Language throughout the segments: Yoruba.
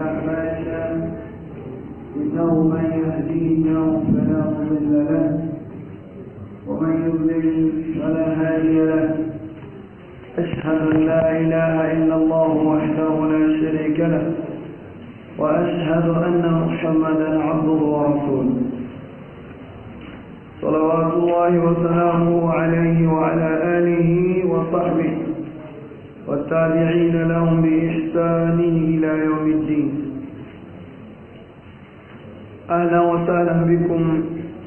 أعمالنا إنه من يهديه الله فلا مضل له ومن يضلل فلا هادي له أشهد أن لا إله إلا الله وحده لا شريك له وأشهد أن محمدا عبده ورسوله صلوات الله وسلامه عليه وعلى آله وصحبه والتابعين لهم بإحسان إلى يوم الدين أهلا وسهلا بكم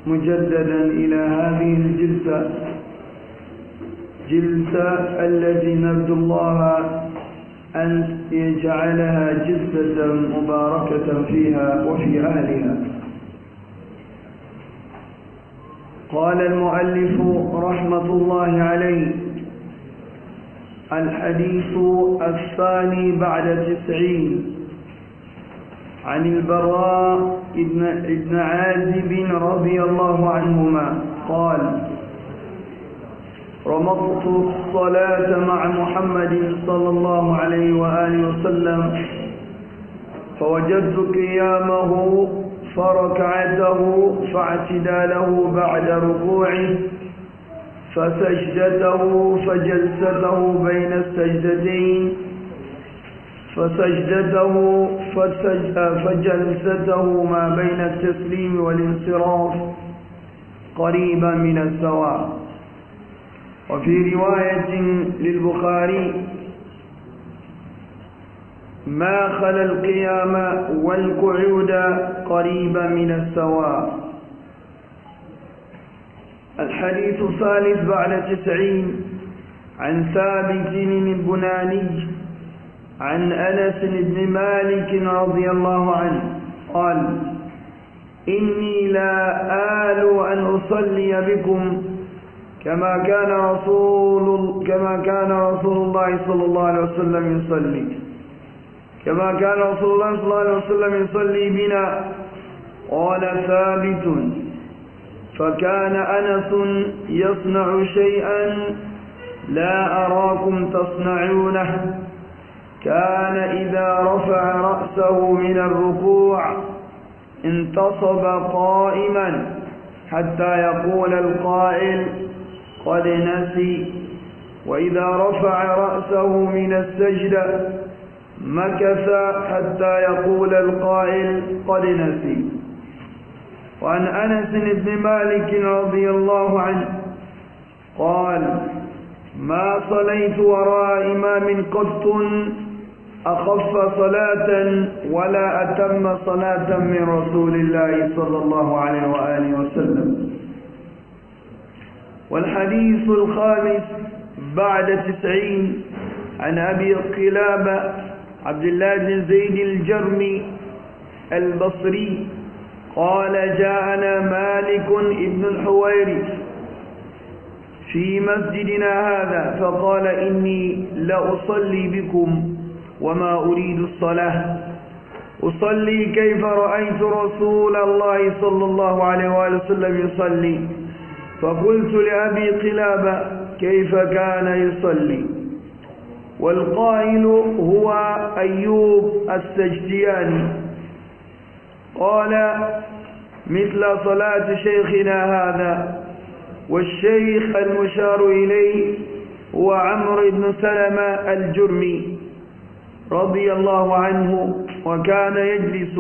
مجددا إلى هذه الجلسة جلسة التي نرجو الله أن يجعلها جلسة مباركة فيها وفي أهلها قال المؤلف رحمة الله عليه الحديث الثاني بعد تسعين عن البراء ابن عازب رضي الله عنهما قال رمضت الصلاة مع محمد صلى الله عليه وآله وسلم فوجدت قيامه فركعته فاعتداله بعد ركوعه فسجدته فجلسته بين السجدتين فسجدته فجلسته ما بين التسليم والانصراف قريبا من السواء وفي رواية للبخاري ما خلا القيام والقعود قريبا من السواء الحديث الثالث بعد تسعين عن ثابت بن البناني عن أنس بن مالك رضي الله عنه قال إني لا آل أن أصلي بكم كما كان رسول كما كان رسول الله صلى الله عليه وسلم يصلي كما كان رسول الله صلى الله عليه وسلم يصلي بنا قال ثابت فكان أنس يصنع شيئا لا أراكم تصنعونه كان إذا رفع رأسه من الركوع انتصب قائما حتى يقول القائل قد نسي وإذا رفع رأسه من السجدة مكث حتى يقول القائل قد نسي وعن أنس بن مالك رضي الله عنه قال ما صليت وراء إمام قط أخف صلاة ولا أتم صلاة من رسول الله صلى الله عليه وآله وسلم والحديث الخامس بعد تسعين عن أبي قلابة عبد الله بن زيد الجرمي البصري قال جاءنا مالك ابن الحويرث في مسجدنا هذا فقال إني لأصلي بكم وما أريد الصلاة أصلي كيف رأيت رسول الله صلى الله عليه وآله وسلم يصلي فقلت لأبي قلابة كيف كان يصلي والقائل هو أيوب السجدياني قال مثل صلاة شيخنا هذا والشيخ المشار إليه هو عمرو بن سلمة الجرمي رضي الله عنه وكان يجلس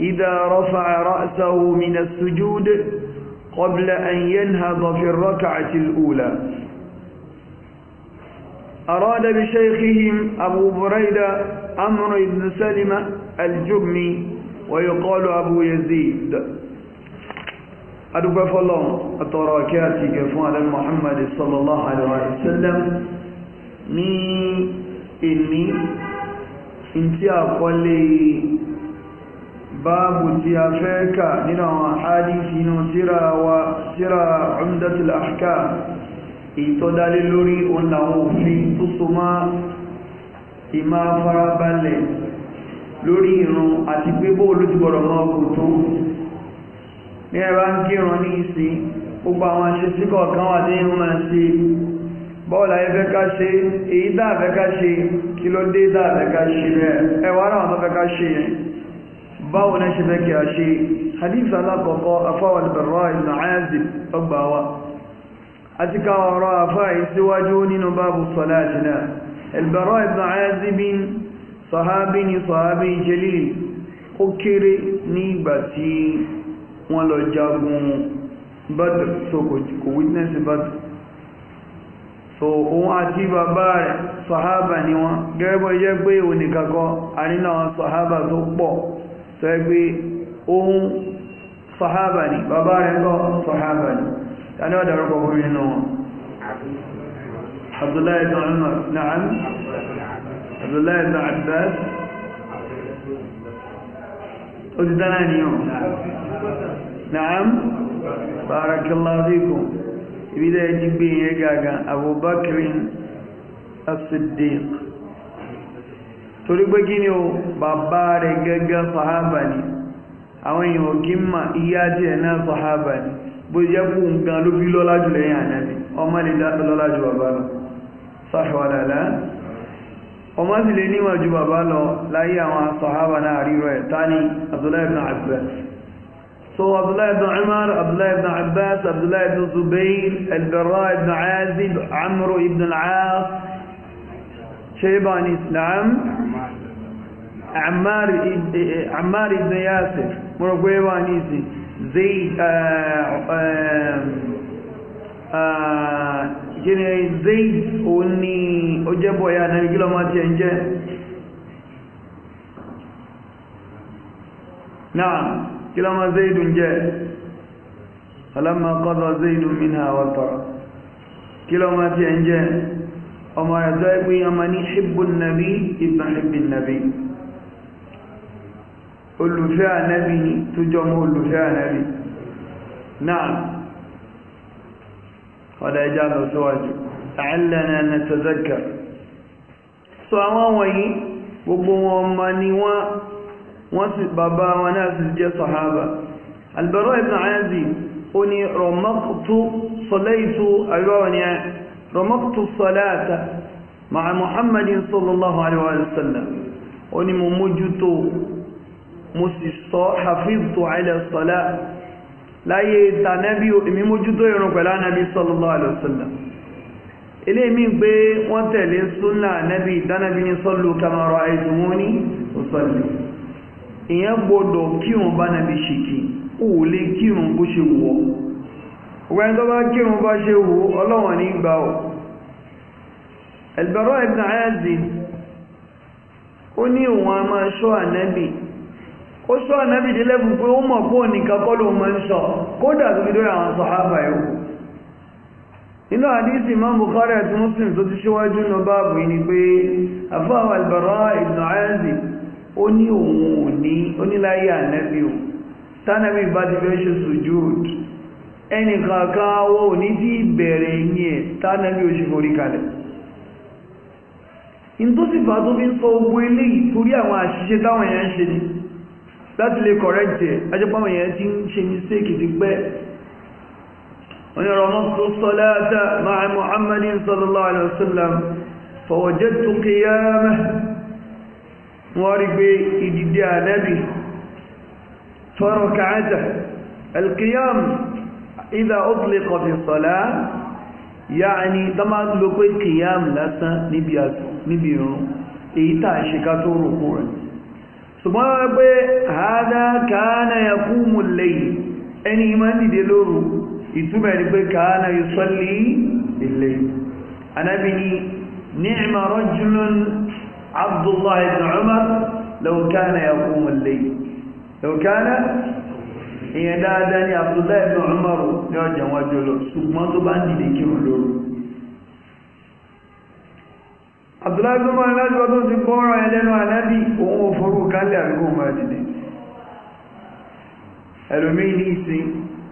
إذا رفع رأسه من السجود قبل أن ينهض في الركعة الأولى أراد بشيخهم أبو بريدة عمرو بن سلمة الجرمي wọ́n yóò kọ́lù Abu Yazid adúgbẹ́ fọ́lọ́n àtọ̀rọ̀ kí a ti gẹ̀ fún alẹ́ Muhammad sallallahu alaihi wa sallam ní ìní tí a kọ́lé báàbù tí a fẹ́ kà nínú àwọn àádìsí inú tíra Umdatul Ahkam ìtọ́dálé lórí òun òfin tó so ìmá farabalẹ̀ lórí irun àti pé bó olójúbọ̀rọ̀ mọ́ ọkùn tó ní ẹ̀rọ ń kírun ní ìsí gbogbo àwọn aṣẹ́sí kọ̀ọ̀kan wà ní irun máa ṣe bọ́ọ̀lù ayẹ́fẹ́ ká ṣe èyí dáàfẹ́ ká ṣe kí ló dé dáàfẹ́ ká ṣe rẹ̀ ẹwà náà tó hadith alákọ̀ọ́kọ́ afáwọn ìbẹ̀rọ ìlànà àyàzì àti ká ọ̀rọ̀ afáà yìí nínú báàbù sọ̀lá àjìnà ìbẹ̀rọ ìlànà àyàzì sahabi ni sahabi jalil ó kéré ní ìgbà tí wọ́n lọ jagun badr so kò witness badr so òun àti bàbá rẹ̀ sahaba ni wọ́n gẹ́gẹ́ bọ́ jẹ́ pé oníkakọ́ àrínà sahaba tó pọ̀ tó yẹ pé ohun sahaba ni bàbá rẹ̀ kọ́ sahaba ni tani wọ́n dárúkọ fún mi nínú wọn abdullahi ibn umar na'am عبد الله Abbas ó ti dára ní ọ̀ na'am barakallahu fikum ibílẹ̀ ẹni gbé yẹn gàgà Abubakirin as-Siddiq torí pé kí ni o bàbá rẹ̀ gẹ́gẹ́ sàhábà ni àwọn èèyàn kí ń mà ìyá tí ẹ̀ náà sàhábà ni bó jẹ́ kú nǹkan ló fi lọ́lá jù lẹ́yìn ànábì ọmọ lè dá lọ́lá jù bàbá lọ sáfẹ́wàdàlá وما في لي ما جوا بالو لا يا صحابه انا اريد ثاني عبد الله بن عباس سو عبد الله بن عمر عبد الله بن عباس عبد الله بن زبير البراء بن عازب عمرو بن العاص شيباني نعم عمار عمار بن ياسر مرقويباني زيد آه آه آه زيد وني bọ̀ ya nàbí kí lọ́mọ tí ẹ ń jẹ́ náà kí lọ́mọ zaidun jẹ́ falamma qada zaidun minha watara kí lọ́mọ tí ẹ ń jẹ́ ọmọ rẹ̀ tó ẹgbẹ́ ọmọ ní hibbun nabi ibn hibbin nabi نتذكر sọ àwọn wọ̀nyí gbogbo wọn ọmọ ni wọ́n wọ́n sì bàbá wọn náà sì jẹ́ sọ̀hábà albaro ibn azi ó ní rọmọ́kùtù sọlẹ́ìtù àríwáwọ̀nìyà rọmọ́kùtù sọláàtà ma'a muhammadin sallallahu alaihi wa sallam ó ní mo mójútó mo sì sọ hafiztu ala sọlá láyé tànẹ́bí èmi mójútó ìrun pẹ̀lú ànábì sallallahu alaihi wa sallam eléèmí pé wọ́n tẹ̀lé súnà nẹ́bí ìdánábí ní sọ́lù kamara àìsùnmọ́ní òsọ̀lù ìyẹn gbọ́dọ̀ kírun bá nẹ́bí ṣìkì ó lè kírun bó ṣe wọ́ ọgbẹ́ni tó bá kírun bá ṣe wò ọlọ́wọ̀n ní gbà ọ̀ ẹ̀lbẹ̀rọ ibn Azib ó ní òun a máa ṣọ́ ànẹ́bì ó ṣọ́ ànẹ́bì délẹ́bù pé ó mọ̀ pé òun nìkan kọ́ lóun máa ń ṣọ́ nínú àdísì Imam Bukhari àti Muslim tó ti ṣíwájú náà báàbù ní pé afáwà Al-Bara ibn Azib ó ní òun ò ní oníláyé ànẹ́bí o tánàbí bá ti fẹ́ ṣe sujud ẹnìkan káwọ́ ò ní tí ìbẹ̀rẹ̀ yìí ẹ̀ tánàbí ó ṣe forí kalẹ̀ láti lè kọ̀rẹ́jẹ̀ ajẹ́pọ̀ àwọn èèyàn ti ń ṣe mistake ti pẹ́ وأنا رمضت الصلاة مع محمد صلى الله عليه وسلم فوجدت قيامه واربي إجدى نبي فركعته القيام إذا أطلق في الصلاة يعني طبعا لكي قيام لسا نبيرون إيتا شكاتو ركوعا ثم هذا كان يقوم الليل أني ما ندلوره ìtumẹ̀ ni pé kàánà yusalli ilẹ̀ anábi ni ni'ma rajulun abdullahi ibn umar law kana yaqumu al-layl law kana èèyàn dáadáa ní abdullahi ibn umar ní ọjà wọn jọlọ ṣùgbọ́n tó bá ń dìde kí n lóru abdullahi ibn umar láti wọ́n tó ti gbọ́rọ̀ ẹlẹ́nu anábi òun ò forúkálẹ̀ àríkò máa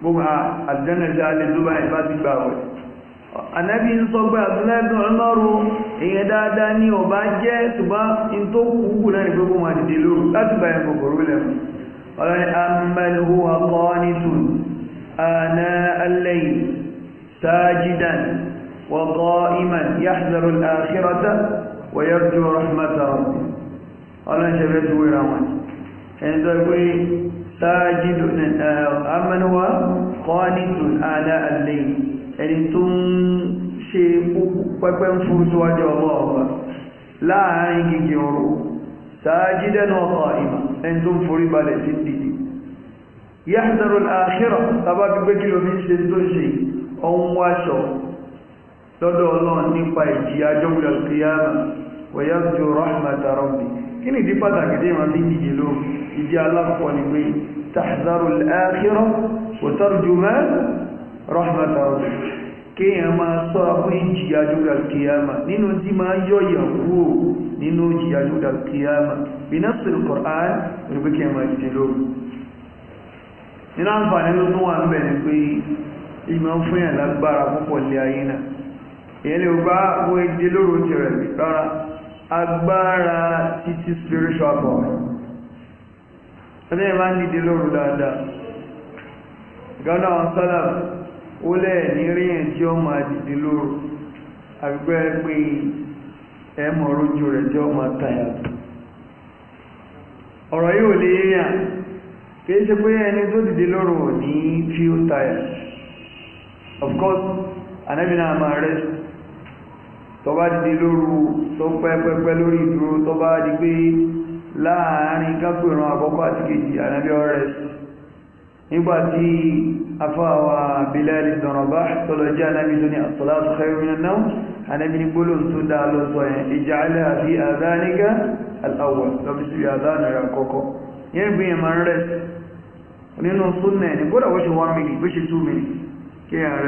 gbogbo àjẹ́nà ìjà lè dúbà ìbá ti gbà wẹ̀ ànábì ń sọ pé àtúnlẹ́gbọ̀n ọlọ́run èèyàn dáadáa ní ọba jẹ́ ṣùgbọ́n in tó kú kù náà ní gbogbo wọn àdìdè lóru láti bá ẹ̀kọ́ kòrò lẹ́mú ọlọ́ni amẹ́lú ọkọ̀ nítùn sáájìdù amẹ́nuwa kọ́nìtù àdá àlẹ́ ẹni tó ń ṣe pẹ́pẹ́ ń fún síwájú ọmọ ọba láàárín gígé ọrọ̀ sáájídẹ́nu ọkọ̀ ìmọ̀ ẹni tó ń forí balẹ̀ sí dìdì yáhùdárò àṣírọ̀ tàbá gbígbé kí lómi ṣe tó ṣe ọun wáṣọ lọ́dọ̀ ọlọ́run nípa ìjìyà jọ́gbìyànjú kìyàmà wọ̀yá jù rọ́hìmà tàrọ́bì kí ni ìdí pàtàkì tí ma fi dìje ló ìdí alákọ̀ọ́ ni pé tahzaru al-akhirah wa tarju ma rahmatahu kéèyàn máa sọ́ra fún ìjìyà jùgbà kìyàmà nínú tí máa yọ̀yà kúrò nínú ìjìyà jùgbà kìyàmà bí náà sọ̀rọ̀ kọ̀ọ̀án ah, rẹ̀ kéèyàn máa agbára títí spiritual power ẹlẹ́yìn máa ń dìde lóru dáadáa gánà àwọn sálà ó lẹ́ẹ̀ ní ríyàn tí ó máa dìde lóru àgbẹ́ pé ẹ mọ̀ rẹ̀ tí ó máa tàyà ọ̀rọ̀ lè kìí ṣe pé ẹni tó dìde ní fíl of course anẹ́bìnà máa rest tọba dìde lóru tó pẹ́pẹ́pẹ́ lórí ìdúró tọba di pé láàárín kápẹ̀rún àkọ́kọ́ àti kejì ànábí ọ̀rẹ́ nígbàtí afáwà Bilal ibn Rabah tọ́lọ́jẹ́ ànábí tó ní as-salatu khayrun minan nawm ànábí ní gbólóhùn tó dá lọ́sọ yẹn ij'alha fi adhanika al-awwal lọ́bí sí àdánù rẹ̀ àkọ́kọ́ yẹn gbé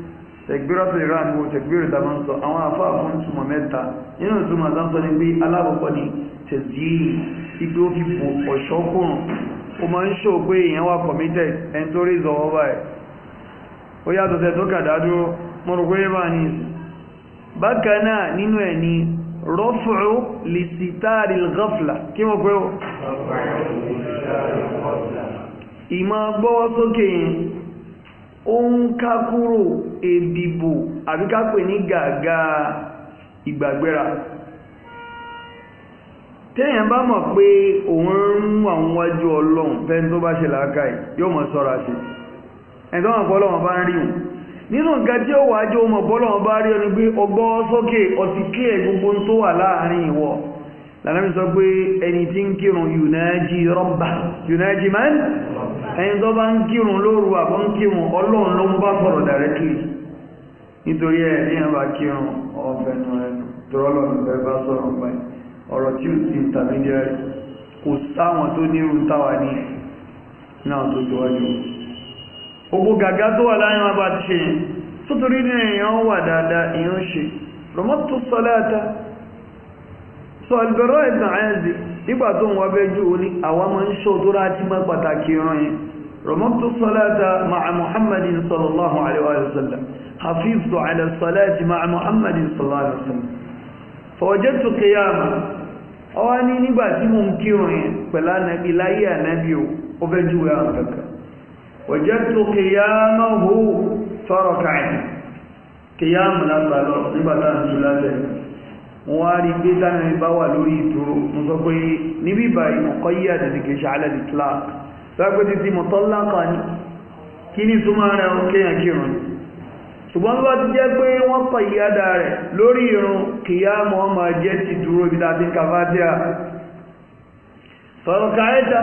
tẹgbẹ́rọ́tò ìran wo tẹgbẹ́rọ́ ìta máa ń sọ àwọn afáà fún túmọ̀ mẹ́ta nínú ìtumọ̀ àti sọ ni pé alákọ̀ọ́kọ́ ni tẹ̀sí igbó fífò ọ̀ṣọ́ kùn ó máa ń ṣò pé èèyàn wà committed ẹni tó rí ìzọ̀wọ́ báyìí ó yàtọ̀ tẹ̀ tó kàdá dúró mo rò pé bá ní bákan náà nínú ẹ̀ ni rọ́fùrú lìsítàrí gọ́fìlà kí mo pé ó ìmọ̀ gbọ́wọ́ sókè yẹn ó ń ká kúrò èdìbò àbí ká ní gàgà ìgbàgbéra téèyàn bá mọ̀ pé òun ń àwọn wájú ọlọ́run fẹ́ni tó bá ṣe làákàyè yóò mọ̀ sọ́ra sí ẹni tó mọ̀ pé bá ń rí òun nínú nǹkan tí ó wájú ọmọ bọ́lọ́run bá rí ọ ni pé ọgbọ́ sókè ọtí kí ẹ̀ gbogbo tó wà láàárín ìwọ lànà sọ pé ẹni tí ń kírun yùnájí rọ́bà yùnájí man ẹni tó bá ń kírun lóru àbọ̀ ń kírun ọlọ́run ló ń bá sọ̀rọ̀ directly nítorí ẹ̀ ní àbá kírun ọ̀fẹ́nu ẹnu tọ́lọ̀ ìfẹ́ bá sọ̀rọ̀ pẹ́ ọ̀rọ̀ tí ó ti intermediary kò sáwọn tó nírú táwà ní náà tó jọwájú ogbó gàgá tó wà láyé wọn bá ti ṣe tó torí ní èèyàn wà dáadáa èèyàn ṣe sọ ìbẹ̀rọ ìgbà ẹ̀ǹdì nígbà tó ń wábẹ́ jù ó ní àwọn máa ń ṣọ́ tó rájí mọ́ pàtàkì ìran yẹn rọ̀mọ́tò sọ́láta ma'a muhammadin sallallahu alaihi wa sallam hafiztu ala salati ma'a muhammadin sallallahu alaihi wa sallam fọwọ́jẹ́tù kìyàmà ọwá ní nígbà tí mo ń kírun yẹn pẹ̀lá wọ́n á rí gbé tánà mi wà lórí ìdúró mo sọ pé níbí báyìí mo kọ́ yí di clark sọ́pẹ́ títí mo tọ́ ní kí ní súnmọ́ rẹ̀ kírun ṣùgbọ́n ti jẹ́ pé wọ́n kọ̀ yí rẹ̀ lórí irun kìyà ya. jẹ́ ti dúró ibi tàbí kàfátíà fọ̀rọ̀kàẹ́ta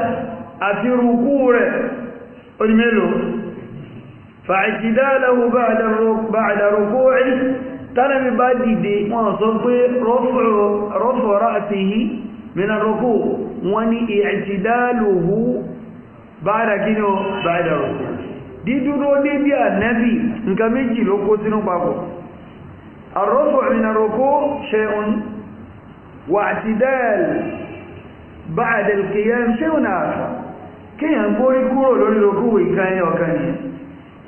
àti rùkú rẹ̀ ó mélòó tánàbí bá dìde wọn sọ pé rọ́fù ra'sihi min ar-ruku wọn ni i'tidaluhu ba'da kíni o ba'da ruku dídúró dédé ànábì nǹkan méjì ló kó sínú papọ̀ ar-rufu min ar-ruku shay'un wa'tidal ba'da al-qiyam shay'un akhar gbórí kúrò lórí rukú ìkan ní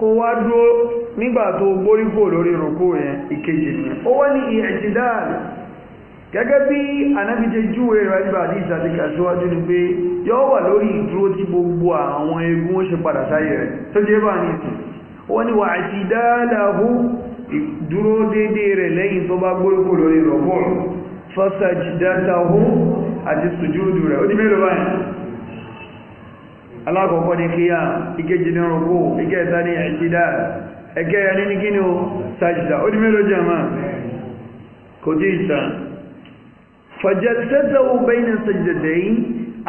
kó wá dúó nígbà tó gbóríkò lórí rògbò yẹn ìkejì ni ó wá ní ìyẹ̀jìdáàlì gẹ́gẹ́ bí anábíjẹ júwe rẹ̀ ní ìsàdíkà síwájú ni pé yọ́ wà lórí ìdúró tí gbogbo àwọn egun ó ṣe padà sáyẹ̀ rẹ̀ tó jẹ́ bá ní ìsìn wọ́n ni wà àti dáadáa dúró dédé rẹ̀ lẹ́yìn tó bá gbóríkò lórí rọ̀bọ̀rù fọ́sàjì dáadáa àti sùjúdù rẹ̀ ó ní mélòó báyìí alákọ̀ọ́kọ́ ní kíyà ìkejì ní rúkú ìkẹta ní ìjìdá ẹ̀kẹ́yà ní kí ni ó sàjìdá ó ní mélòó jẹ́ máa kò tí ìta fàjẹ́sẹ́sẹ́wò bẹ́yìn sàjìdẹ̀dẹ̀yìn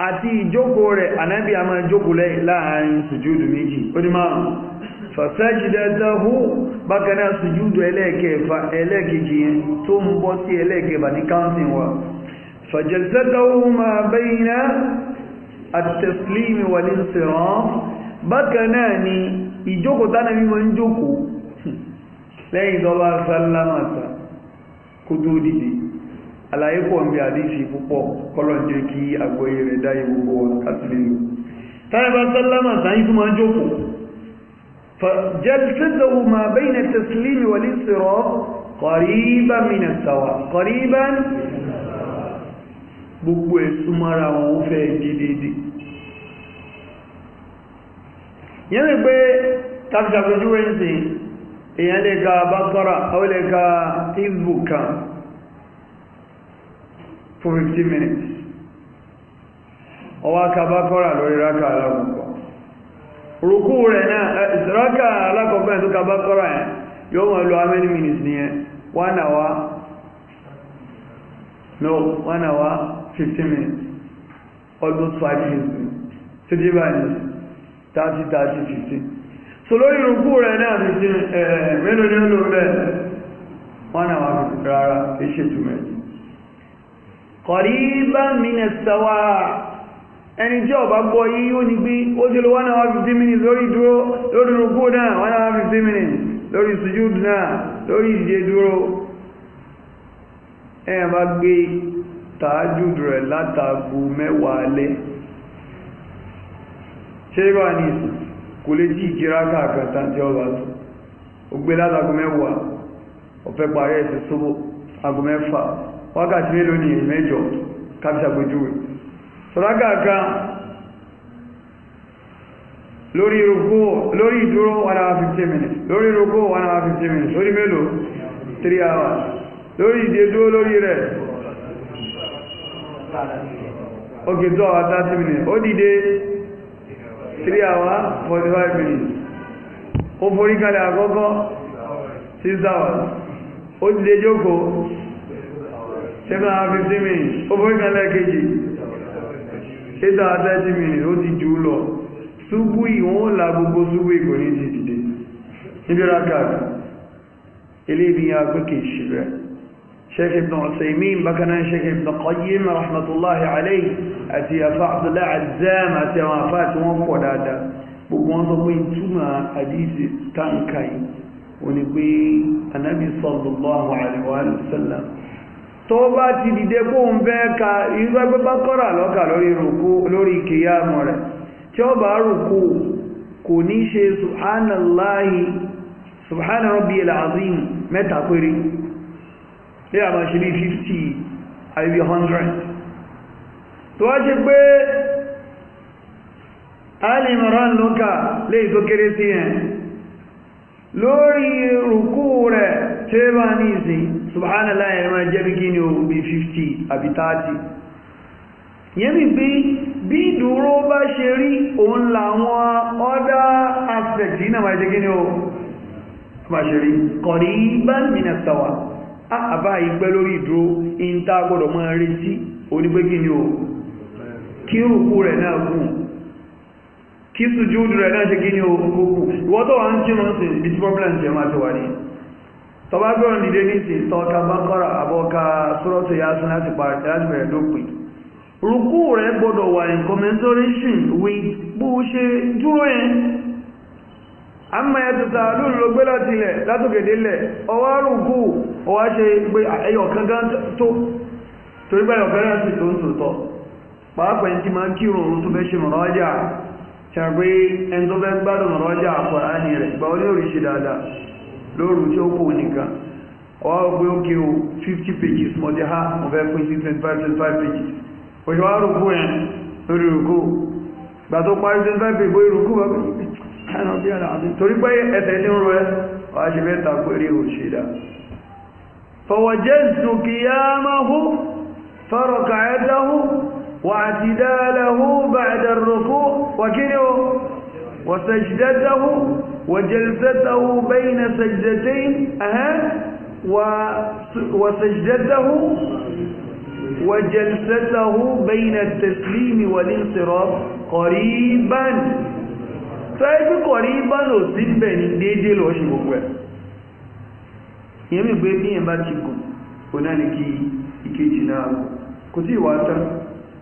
àti ìjókòó rẹ̀ anábì àmà ìjókòó láàrin sùjúdù méjì ó ní máa àtẹ̀sílímì wà ní sìrán bákan náà ni ìjókòó tánà mímọ́ ń jókòó lẹ́yìn ìdọ́bà sálámàtà kó tó dìde àlàyé pọ̀ ń bí àdíṣì púpọ̀ kọlọ̀njẹ́ kí àgbọ́yé rẹ̀ dáyé gbogbo wọn kásìlélò tánàbà sálámàtà yìí tó máa ń jókòó فجلسته ما بين التسليم والانصراف قريبا من السواء قريبا gbogbo ẹ̀sùn mara wọn ó fẹ́ gidi yẹn ni pé tàbíṣàpẹjú wẹ́ǹsì èyàn lè ka bákọ́rà ó lè ka ìzù kan for 15 minutes ọwá ka bákọ́rà lórí rákà alákọ̀ọ́kọ́ rùkú rẹ̀ náà rákà alákọ̀ọ́kọ́ ẹ̀ tó ka bákọ́rà ẹ̀ yóò mọ̀ lọ how many minutes ni one hour no one hour 15 minutes almost 5 minutes ṣe jí tàbí tàbí fìtí so lórí rúkú rẹ̀ náà ní sí mẹ́lò ní olóò bẹ́ẹ̀ wọ́n náà wọ́n rárá iṣẹ́ túnmẹ̀ kọ̀ríbá mínẹ̀sàwà ẹni jẹ́ ọ̀bá gbọ́ yí ó ní gbí ó jẹ́ lọ́wọ́ náà 15 minutes lórí dúró lórí rúkú náà wọ́n náà 15 mẹ́wàá lẹ́ ṣé bá ní kò lè tí ìkírá káàkàtà tí ọba tó ó gbé látago mẹ́wàá ọ̀fẹ́ parí ẹ̀sẹ̀ sóbò ago mẹ́fà wákàtí mélòó ní mẹ́jọ káfíṣà gbójúwe lórí ìdúró 150 minutes lórí rúkú 150 minutes lórí mélòó 3 hours lórí ìdédúró lórí rẹ̀ ó kìí tó àwọn 30 minutes ó dìde three hours forty five minutes ó forí kalẹ̀ àkọ́kọ́ six hours ó dìde jókòó seven hours fifteen minutes ó forí kalẹ̀ kejì eight hours thirty minutes ó ti jù ú lọ ṣubú ìwọ̀n la gbogbo ṣubú ìkò ní ti dìde níbi rákàtà eléyìí ni a pé kì í ṣe rẹ̀ sheikh ibn usaimin bákanáà sheikh ibn qayyim rahmatullahi alayhi àti afa abdullah azam àti àwọn afa tí wọ́n pọ̀ dáadáa gbogbo wọn sọ pé ìtumọ̀ àdìsí táǹkà yìí wọ́n ní pé anabi sallallahu alayhi wa sallam tó bá ti dìde kó ń bẹ́ ka irú ẹgbẹ́ bá kọ́rà lọ́kà lórí kìyàmù rẹ̀ tí ó bá rùkú kò ní ṣe subhanallahi subhana rabbiyal azim mẹ́ta péré ní àmà ṣe bí 50 àbí 100 tó wá ṣe pé alìmọ̀rán lókà lè tó kéré sí ẹ̀ lórí rùkú rẹ̀ tí bá ní ìsìn subhanallah ẹ̀mà jẹ́ bí kí ni bí 50 àbí 30 yẹ́mì bí bí ìdúró bá ṣe rí òun làwọn ọ́dá aspect yìí náà máa jẹ́ kí ni ṣe rí kọ̀rí bá mìnà sọ́wàá àbá ìgbẹ́ lórí ìdúró ìntà gbọ́dọ̀ máa retí onígbégí ni o kí rùkú rẹ̀ náà gùn kí sùjúdù rẹ̀ náà ṣe kí ní òkúkú ìwọ́tọ̀ wà ń tí wọ́n sì bí tí problem jẹ máa ti wà ní tọba gbọ́n dìde ya sí láti bẹ̀rẹ̀ dópin rùkú rẹ̀ gbọ́dọ̀ wà in ama ẹ̀tùtà lóòrùn gbé láti ilẹ̀ látòkèdè ilẹ̀ ọwá ṣe pé ẹyọ kankan tó torí bá ẹ̀yọ̀kan sì tó ń tòótọ́ pàápàá ẹni máa ń kírun òun tó fẹ́ ṣe rọ̀rọ̀ ọjà gba olóòrì ṣe dáadáa lóòrùn tí ó kù nìkan ọwá o 50 pages ha mo fẹ́ 25 pages ẹ̀ lórí gbà tó parí 25 pages bó حنو بيا العظيم فوجدت قيامه فركعته واعتداله بعد الركوع وكنه وسجدته وجلسته بين سجدتين اها وسجدته وجلسته بين التسليم والانصراف قريبا sọ ẹ́ pé kọ̀ rí bọ́nà òsì bẹ̀ ní lọ ṣe gbogbo ẹ̀ ìyẹn mi gbé bíyẹn bá ti gùn kò náà ní kí ìkejì náà gùn kò tí ìwà tán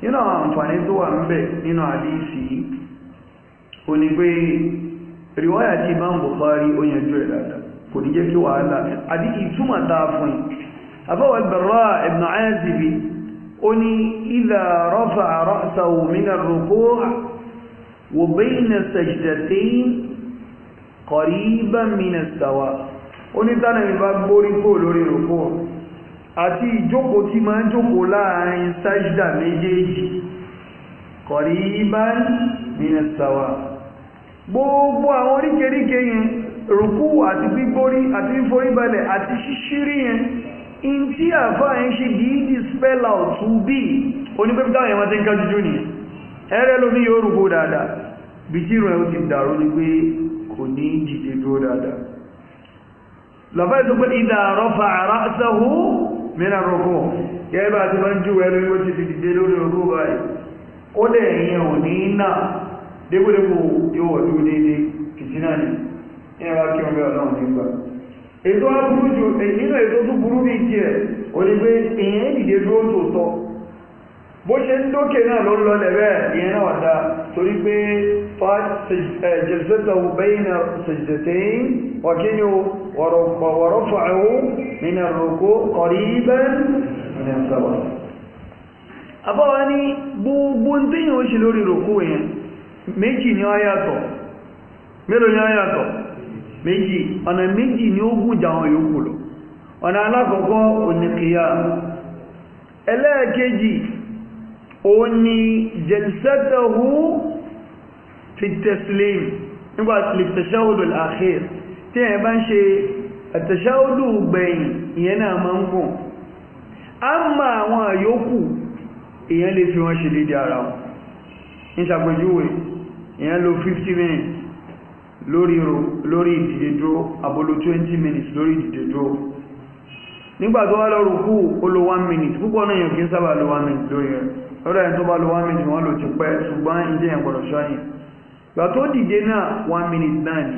nínú àwọn àǹfààní tó wà ń bẹ̀ nínú àdíìsì yìí ò ní pé rìwáyà tí ń bọ̀ ó ẹ̀ dáadáa a fún yìí àbáwọ̀ ó ní rọ́fà rọ́sà وبين السجدتين قريبا من السواء onítànà ìbá gbórí kó lórí rùkú àti ìjókòó tí máa ń jókòó láàrin sájídà méjèèjì qariban min as-sawa gbogbo àwọn oríkèríkè yẹn rùkú àti gbígbórí àti fíforíbalẹ̀ àti ṣíṣírí yẹn in tí àfáà yẹn ṣe dìídì spell out to be onípẹ́pẹ́ táwọn yẹn máa ń ká jújú nìyẹn ẹ̀rẹ́ lómi yóò rúgbó dáadáa bí tí ìrùn ó ti dàrú ní pé kò ní dìde dúró dáadáa ara ètò pé ìdá àrọ́fà àrá mìíràn rọ̀kọ́ yẹ́ bá ti jú ẹ̀rọ ó ti dìde lórí orú báyìí ó dẹ̀ ẹ̀yìn ò ní náà débòdébò yóò wọ̀ ju èyí náà ètò burú ní bó ṣe ń dókè náà ló ń lọ lẹ́bẹ̀ ìyẹn náà wàdá torí pé jẹ̀lẹ́sẹ̀tàwù bẹ́yìnà sèjẹ̀tẹ́yìn wàkíní wọ̀rọ̀fàáwù nínú rògbò kọ̀ríbẹ́ àbáwá ní gbogbo tíyàn ó ṣe lórí rògbò yẹn méjì ni ọyàtọ̀ mélòó ni ọyàtọ̀ méjì ọ̀nà méjì ni ó gùn jà wọn yòókù lọ ọ̀nà alákọ̀ọ́kọ́ òní ó ní jẹ̀lìsẹ́tẹ̀hú fi tẹ̀sílẹ̀m nígbà tẹ̀ṣáhùdù al-akhir tí ẹ̀ bá ń ṣe tẹ̀ṣáhùdù gbẹ̀yìn ìyẹn náà ma ń gùn a ma àwọn àyókù ìyẹn lè fi wọ́n ṣe lédé ara wọn 20 minutes lórí ìdìde dúró nígbà tó wá lọ 1 minute púpọ̀ náà yàn kí ń sábà lo 1 minute lórí rẹ̀ ọ̀rọ̀ ẹ̀ tó bá lo one minute wọ́n lò ti pẹ́ ṣùgbọ́n ìdí ẹ̀ gbọ́dọ̀ ṣọ́yìn ìgbà tó dìde náà one minute náà ni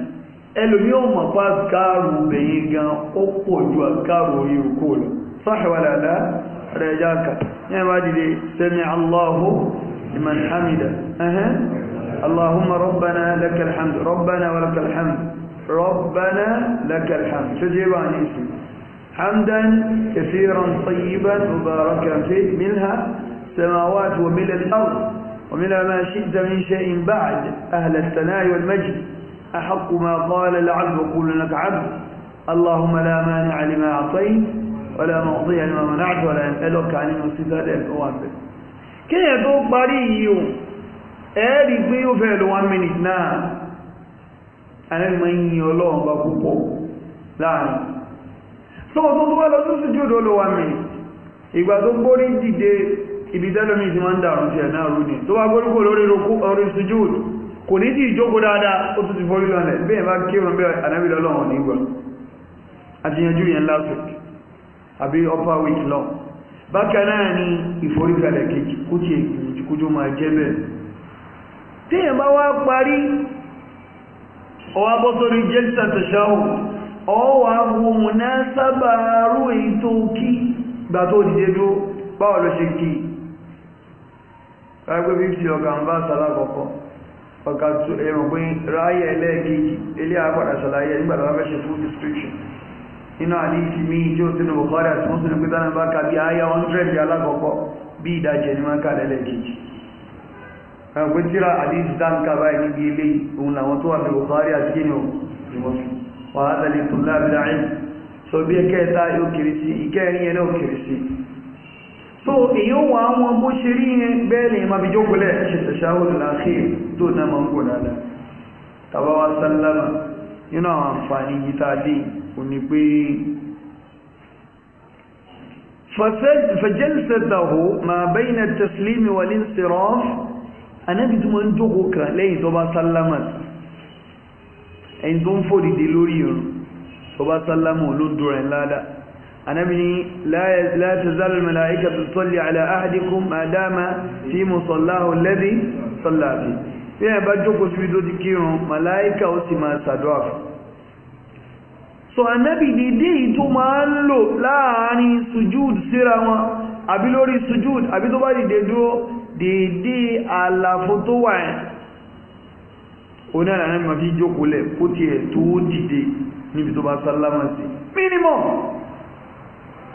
ẹlòmíì ò mọ̀ pa gáàrù bẹ̀yìn gan ó pọ̀ ju àgáàrù orí òkú lọ sọ́ọ̀ṣẹ̀wàlàlá rẹ̀ ẹja kà ní ẹ̀ bá dìde sẹ́mi aláhu liman hamida allahumma rọ́bánà lakal hamd rabbana wa lakal hamd rabbana lakal hamd tó jẹ́ bá ní ìsìn hamdan kathiran tayyiban mubarakan fi السماوات وملء الأرض وملء ما شئت من شيء بعد أهل الثناء والمجد أحق ما قال العبد وقول لك عبد اللهم لا مانع لما أعطيت ولا معطي لما منعت ولا ينألك عن المستفاد الكوافر kí كي tó parí yíò ẹ̀ẹ́rì pé yóò fẹ́ أنا one minute náà alẹ́gbẹ̀mọ́ yìí ọlọ́run bá púpọ̀ láàrin tó tó tó wá ibi tẹ́lómi ti máa ń dàrú jẹ̀ náà rú ni tó bá gbórúkọ lórí orí sujúd kò ní tí ìjókòó dáadáa ó tún ti forí lọ́nà bẹ́ẹ̀ bá kírun bẹ́ẹ̀ ànábì nígbà àtìyànjú last week àbí upper week long bákan náà ni ìforíkalẹ̀ kejì kó ti èkìtì kójó máa jẹ́ bẹ́ẹ̀ téèyàn bá wá parí ọwá bọ́ sórí jẹ́sà tẹ̀ṣáhù ọwá wòmùná ẹgbẹ́ fífi ọ̀gá ń bá sàlá kọ̀kọ́ ọ̀gá tó ẹ̀rùn pé ráyẹ̀ ẹlẹ́ẹ̀kejì ilé àpàdà sàlàyé nígbà tó bá fẹ́ ṣe full description nínú àdíjì míì tí ó sínú Bukhari àti Muslim pé tánà bá ka bí àyà 100 alákọ̀ọ́kọ́ bí ìdájẹ́ ní Bukhari so èyí ó wà àwọn bó ṣe rí yẹn bẹ́ẹ̀ lè máa fi jókòólẹ̀ ṣe tẹ̀ṣáhùn láàáfíì tó náà máa ń kò dáadáa tàbá wa sálámà nínú àwọn àǹfààní yìí tá a dé ò ní pé fàjẹ́lìsẹ̀tàhù máa bẹ́yìnà tẹ̀sílímì wà ní sírọ́f anábì tó máa ń jókòó kan lẹ́yìn tó bá sálámà ẹni tó ń fòdìdí lórí ìrùn tó bá sálámà ló ń ládàá anabini la tazalu almalaika tusalli ala ahadikum ma dama fi musallahu alladhi salla fi bí ẹ bá jókòó síbi tó ti kírun màláíkà ó sì máa ṣàdúrà fún so anabi dédé yìí tó máa ń lò sujud síra wọn àbí lórí sujud àbí tó bá dìde dúró dédé àlàfo tó wà ẹ̀ oní àlànà ma fi jókòó lẹ̀ kó tiẹ̀ tó dìde níbi tó bá sálámà sí minimum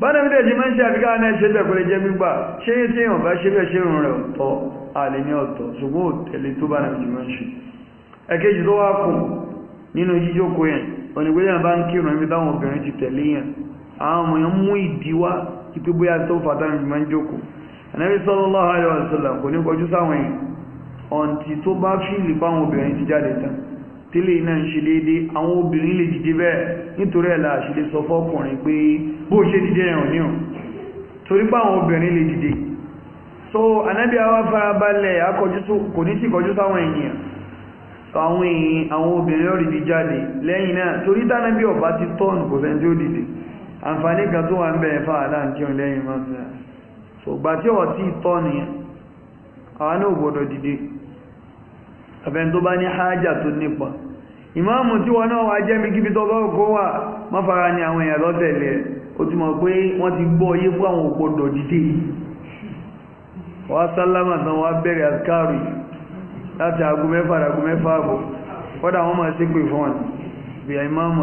bọ́nà mi tẹ̀sí máa ń ṣe àfikà náà ṣe bẹ̀ kò lè jẹ́ gbígbà ṣé tí èèyàn bá ṣe bẹ̀ ṣe òun rẹ̀ ọ̀tọ̀ àlè ní ọ̀tọ̀ ṣùgbọ́n òtẹ̀lé tó bá nàbìjì máa ń ṣe obinrin tó wá kù nínú jíjókòó yẹn onígbéyàn bá ń kírun ibi táwọn obìnrin ti tẹ̀lé yẹn àwọn ọmọ yẹn mú ìdí wá bóyá tó fàtà nàbìjì máa ń jókòó ànábì tílé iná ń ṣe déédé àwọn obìnrin lè dìde bẹ́ẹ̀ nítorí ẹ̀là àṣìlè sọ fọ́kùnrin pé bó ṣe dìde ẹ̀hàn ní ọ̀n torí pé àwọn obìnrin lè dìde so anábì àwa farabalẹ̀ kò ní sí kọjú sáwọn ènìyàn àwọn èèyàn àwọn obìnrin lọ́rì di jáde lẹ́yìn náà torí tánábì ọ̀bá ti tọ́ọ̀nù kò sẹ́ni tí ó dìde àǹfààní kan tó wà ń bẹ̀rẹ̀ fáwọn aláǹkírun lẹ́yìn máa ń bẹ̀rẹ̀ so gbà tí ọ̀ àfẹn tó bá ní hájà tó nípa ìmáàmù tí wọn náà wá jẹ́ mi kíbi tó bá kó wà má fara ni àwọn èèyàn lọ́tẹ̀lẹ̀ rẹ̀ ó ti mọ̀ pé wọ́n ti gbọ́ yé fún àwọn òpòdò dìde wọ́n sálámà tán wọ́n bẹ̀rẹ̀ àkárì láti aago mẹ́fà àgó mẹ́fà àbọ̀ kọ́dà wọ́n máa ṣépè fún wọn bí i ìmáàmù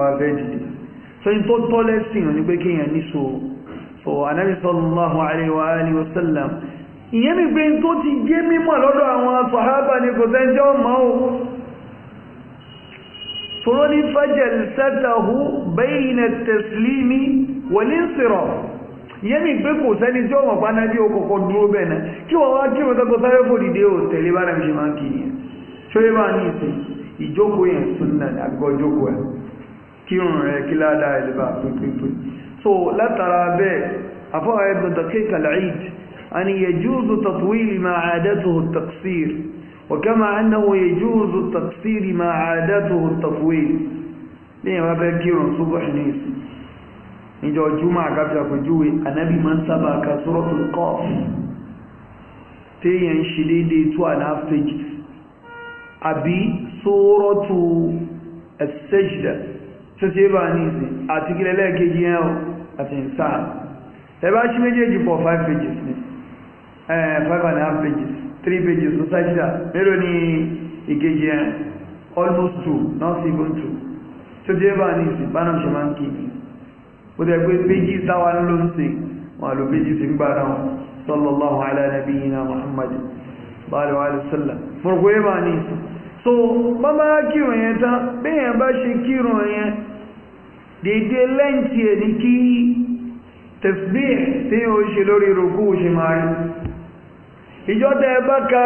wa fẹ́ dìde so in tó tọ́ lẹ́sìn so so anabi sallallahu alaihi wa sallam ìyẹn mi pé tó ti gé mímọ̀ lọ́dọ̀ àwọn sàhábà ní kò sẹ́jọ́ mọ́ o tóró ní fẹ́jẹ̀ sẹ́tàhú bẹ́yìn tẹ̀sílímì wọlé sírọ̀ ìyẹn mi pé kò sẹ́ni tí ọmọ pa náà bí o kọ̀kọ́ dúró bẹ́ẹ̀ náà kí wọ́n wá kí wọ́n tẹ́kọ̀ sáré fòdìdé o tẹ̀lé bá rẹ̀ máa kì í ṣóyé bá ní ìsìn ìjókòó yẹn súnà àgbọ̀ jókòó ẹ̀ kírun rẹ̀ kí ládàá ẹ̀ lè bá pínpín so látara bẹ́ẹ̀ afọ́ àyẹ̀bọ̀ dọ̀kẹ́ kàlàídì أن يجوز تطويل ما عادته التقصير وكما أنه يجوز التقصير ما عادته التطويل ليه ما بكير صبح نيس نجو الجمعة قبل فجوه النبي من سبق سورة القاف تيين شديد تو أنافتج أبي سورة السجدة تسيبا نيسي أتكلم لك جيان أتنسان ẹ bá ṣí méjèèjì for five pages ni Eh, five and a half pages three pages ló ṣáà ṣíṣà mélòó ni ìkejì ẹ̀ almost two not even two tó dé bá ní ìsìn bá náà ṣe máa ń kí ni ó dẹ̀ pé pages táwa ń lò ń sìn wọn àlò pages ń gbà náà sallallahu ala nabiyyina muhammad báyìí wàhálà sọ́là mọ̀rọ̀kọ́ yẹ́ bá ní ìsìn so bábá kírun yẹn tán bẹ́yẹn bá ṣe kírun yẹn dédé lẹ́ǹtì ẹ̀ ní kí tẹ̀síbíyẹ̀ tí ó ṣe lórí rògbò ṣe máa rí ìjọ́tẹ̀ ẹbá ka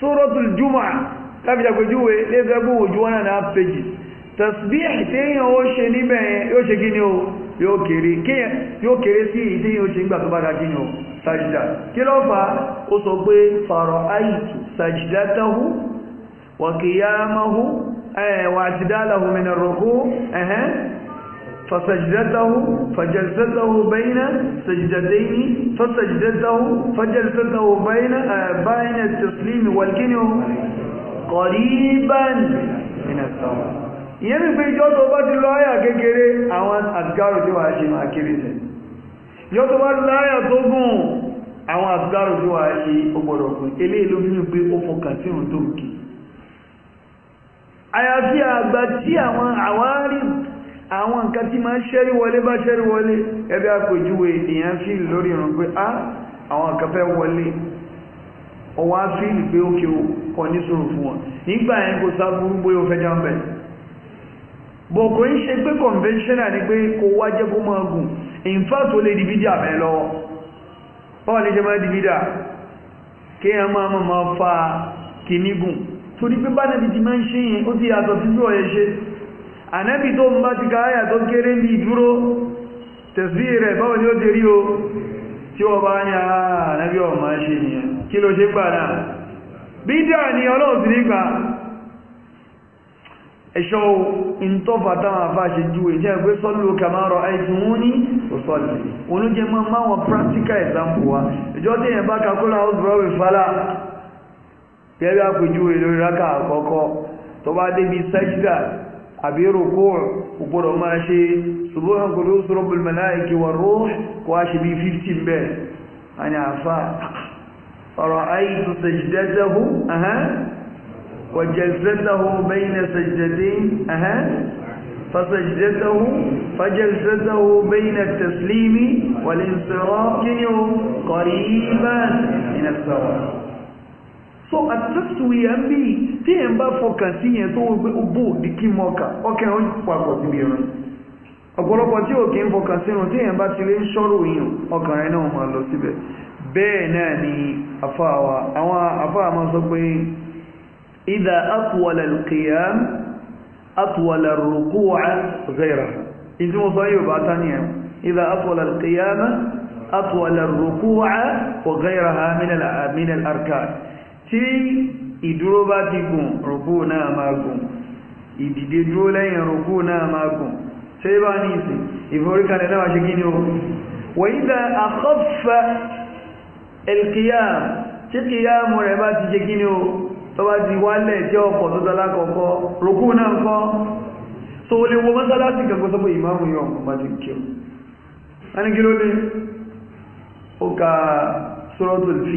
suratul juma láti jàpẹjúwe lẹ́gbẹ́ gbọ́ ojú wọn náà péjì tasbih téèyàn ó ṣe níbẹ̀ yóò ṣe kí ni o yóò kéré sí èyí téèyàn ó ṣe nígbà tó bá dájú فسجدته فجلسته بين سجدتين فسجدته فجلسته بين بين التسليم والكنه قريبا من الثواب ìyẹn ni pé ìjọ́ tó bá ti lọ àyà kékeré àwọn àgbàrò tí wà ṣe máa kéré tẹ̀ ìjọ́ tó bá ti lọ tó gùn àwọn àgbàrò tí wà ṣe ó fún ilé ìlú nínú pé ó fọkàn tí òun tó kì àyàfi àgbà tí àwọn àwárí àwọn nǹkan tí máa ń ṣẹ́rí wọlé bá ṣẹ́rí wọlé ẹbí àpèjúwe èèyàn fíìlì lórí ìrùn pé á ah, àwọn nǹkan fẹ́ wọlé ọwọ́ á fíìlì pé ókè ọ ní sọ̀rọ̀ fún wọn nígbà yẹn kò sá burú bóyá ó fẹ́ já ń bẹ̀ bọ̀ kò ń ṣe pé conventional ni pé kò wá jẹ́ kó máa gùn in fact ó lè di bídíà mẹ́ lọ́wọ́ báwo lè ṣe máa di bídíà kéèyàn máa máa fa kìíní gùn torí pé bá nàbìtì máa ń ṣe yẹn ó ti yàtọ̀ sí bí ọ̀yẹ́ ṣe anabi do mbati kaya to nkere ndi duro tasbire ba wani o ah, deri o ti o banya anabi o ma shi ni kilo je pada bida ni olodun ti nipa e so in to fa ta ma fa se ju e je pe so lu ka ma ro ai tuni o so ni onu je ma ma wa practical example wa jo te yen ba ka kula o bro we ku ju e lo ra to ba bi sajda أبي ركوع وبرو ماشي سبحان قدوس رب الملائكة والروح واشي بي 15 بيت أنا عفا فرأيت سجدته أها وجلسته بين سجدتين أها فسجدته فجلسته بين التسليم والانصراف قريبا من الثواب so àtúntúwìyà ń bí tí yẹn bá fọkàn sí yẹn tó o bò ní kí mọ́ka ọkẹ́ ó papọ̀ síbi irun ọ̀pọ̀lọpọ̀ tí ò kí ń fọkàn sínú tí yẹn bá ti lé ń ṣọ́rọ̀ yìí ọkàn rẹ̀ náà máa lọ síbẹ̀ bẹ́ẹ̀ náà ni àfáàwà àwọn àfáà máa sọ pé ìdá àtúwàlà al-qiyam àtúwàlà ar-ruku' ghayraha ìdí mo sọ yóò bá tá ní ẹ̀ ìdá àtúwàlà al-qiyam ruku wa ghayraha min al-arkan tí ìdúró bá ti gùn rùkú náà máa gùn ìdìde dúró lẹ́yìn rùkú náà máa gùn tí ó bá ní ìsìn ìforíkalẹ̀ náà ṣe gíní o wà ìdá àkọ́fà elkiyam tí kìyàmù rẹ̀ bá ti ṣe gíní o tó bá ti wálẹ̀ tí ọkọ̀ tó tọ́lá kọ̀ọ̀kọ́ rùkú náà kọ́ so olè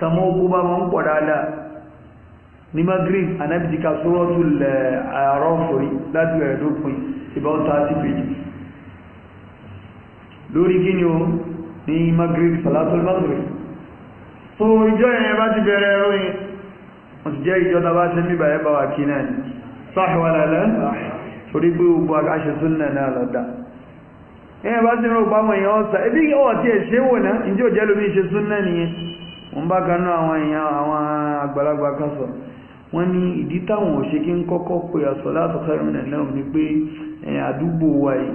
tàmọ́ ogun bá máa ń pọ̀ dáadáa ní magrib anábìdíkà sọ́rọ́tù lẹ̀ eh, àárọ̀ sórí láti rẹ̀ lópin about thirty pages lórí kí ni o ní magrib salatul maghrib so ìjọ yẹn bá ti bẹ̀rẹ̀ ẹ̀rọ yẹn wọ́n ti jẹ́ ìjọ tàbá sí mí bàyẹ̀ bá wà kí náà ni sáàwà lálẹ́ torí pé gbogbo akáṣe súnnà náà lọ́dá ẹ̀yẹn bá ti rọ̀ pàmọ̀ èèyàn ọ̀sà ebí ọ̀ tí ẹ̀ ṣe wò náà ìjọ jẹ́ lómi ṣe súnnà nìyẹn wọ́n bá ganú àwọn èèyàn àwọn àgbàlagbà kan sọ wọ́n ní ìdí táwọn òṣè kí ń kọ́kọ́ pe àṣọ láti kẹrin náà ni pé àdúgbò wa yìí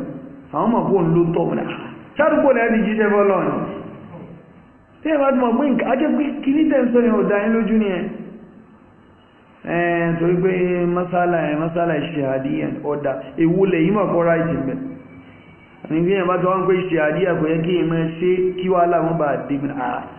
àwọn mọ̀ fóun ló tọ̀ wọn ah, ṣàdúgbò lẹ́yìn ti jíṣẹ́ fọ́lọ́ ni tí ẹ bá ti ajẹ́ pé kí ní tẹ̀sán ni ọ̀dà yín lójú ni torí pé masala ẹ masala ṣe àdíyẹ ọ̀dà èwo lẹ́yìn mọ̀ kọ́ra ìjìnbẹ̀ àní bí ẹ bá ti wọ́n pé ṣe àdíyẹ kò yẹ kí ẹ máa ṣe kí wàhálà wọn bá dé mi ah, àá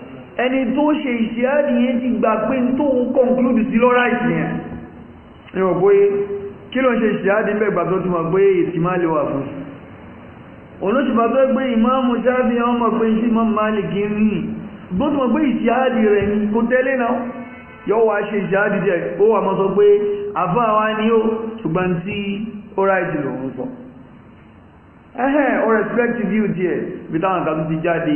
ẹni tó ṣe ìṣẹ́àdì yẹn ti gbà pé tó ń kọ̀nkúlùdù sí lọ́rá ìsìyàn ní ọ̀pọ̀ kí ṣe ìṣẹ́àdì mẹ́gbà tó ti mọ̀ pé ètì máa lè wà fún olóṣùpá tó gbé ìmáàmù jáde ọmọ pé sí mọ́ Málìkì ń rìn bó ti mọ̀ pé ìṣẹ́àdì rẹ̀ kò wa ni ó ṣùgbọ́n tí ó sọ ẹ̀hẹ́ ó bí táwọn kan ti jáde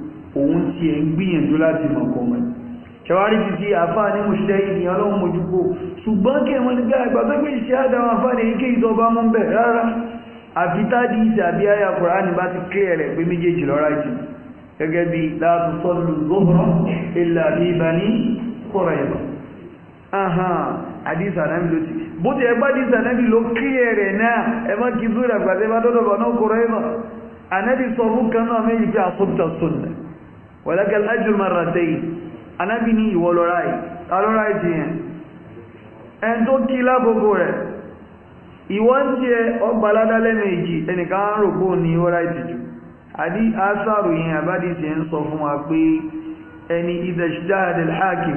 òun ti ẹ̀ ń gbìyànjú láti mọ̀ kọ́ mọ̀ ṣàwárí ti ti àfáàní mùsùlẹ̀ ènìyàn lọ́wọ́ mojúgbò ṣùgbọ́n kí ẹ̀wọ̀n nígbà ìgbà tó gbé ìṣẹ́ àdáwọn àfáàní ike ìtọba mú bẹ̀ rárá àfitádì ìṣẹ́ àbí àyà bá ti kílẹ̀ rẹ̀ pé méjèèjì lọ́ra jù gẹ́gẹ́ bí láàtú sọ́lù gbọ́rọ̀ ilẹ̀ àbí ìbání kọ́ra ẹ̀bà àdìsà náà ló ti bó ti ló náà kí dọ́dọ̀ bọ̀ náà ẹ̀bà wọ̀lẹ́kẹ́ ajr marratayn anábì ní ìwọ lọ́ra ì ihe ì tó kí lákòókò ẹnìkan ń rògbò ní ọ̀rá ìtìjú àdí asàrò yẹn àbádìsí ń sọ fún wa pé ẹni ìdẹ̀ṣìdáàdẹ̀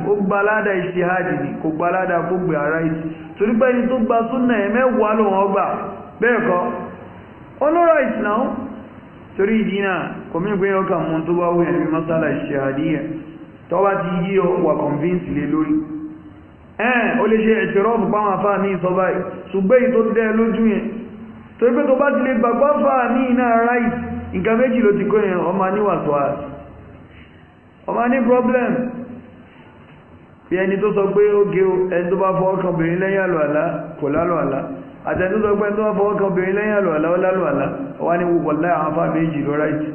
ó kò kó torí pé ẹni tó gba súnà lòun ọgbà bẹ́ẹ̀ kọ́ torí ìdínà kòmígbé ọkà mọ́ tó bá wùyàn ní masala ìṣàdíyà tó bá ti yí wà convince lè lórí ẹn o lè ṣe ìtìrọ́fù bá wọn fáà ní ìsọba ṣùgbẹ́ tó dẹ́ lójú yẹn torí pé tó bá ti lè gbàgbá fáà ní iná ráì nǹkan problem bí ẹni tó sọ pé ó gé ẹni tó bá fọ́ àtẹnudọ́gbẹ́ tó wọ́n fọwọ́ kan obìnrin lẹ́yìn àlùwàlá ó lálùwàlá ó ní wọ́pọ̀ láì àwọn afá méjì ló ráìtì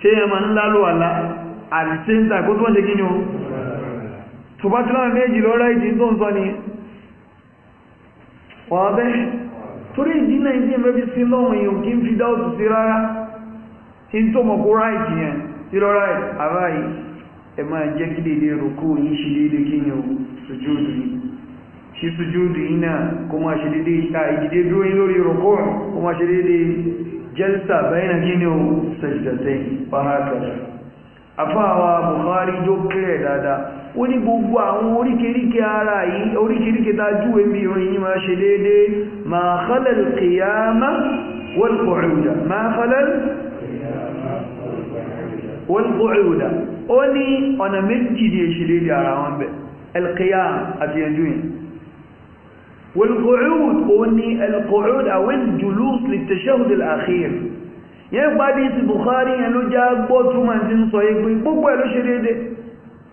ṣé yẹn máa ń lálùwàlá àti ṣé ń ta tó ń ni o ṣùgbọ́n tí láwọn méjì ló ráìtì tó ń sọ ni torí ìdí náà ìdí sí lọ́wọ́ èèyàn kí fi dáòtù sí rárá tí n tó mọ̀ kó ráìtì yẹn tí lọ ráìtì kí sùjúdù iná kó máa ṣe dédé ìta ìdìdé dúró lórí rọ̀kọ́ kó máa ṣe dédé jẹ́lta bẹ́ẹ̀nà gíní o sẹ̀jìdàtẹ́ pàhákàrà afáwa Bukhari jó kílẹ̀ dáadáa ó ní gbogbo àwọn oríkèríkè ara yìí oríkèríkè tá jú èmi ìrìn yìí máa ṣe dédé máa khalal qiyama wal qu'uda والقعود وني القعود او الجلوس للتشهد الاخير yẹn gba bí ti Bukhari yẹn ló já gbọ́ túmọ̀ tí ń sọ yẹ pé gbogbo ẹ̀ ló ṣe déédé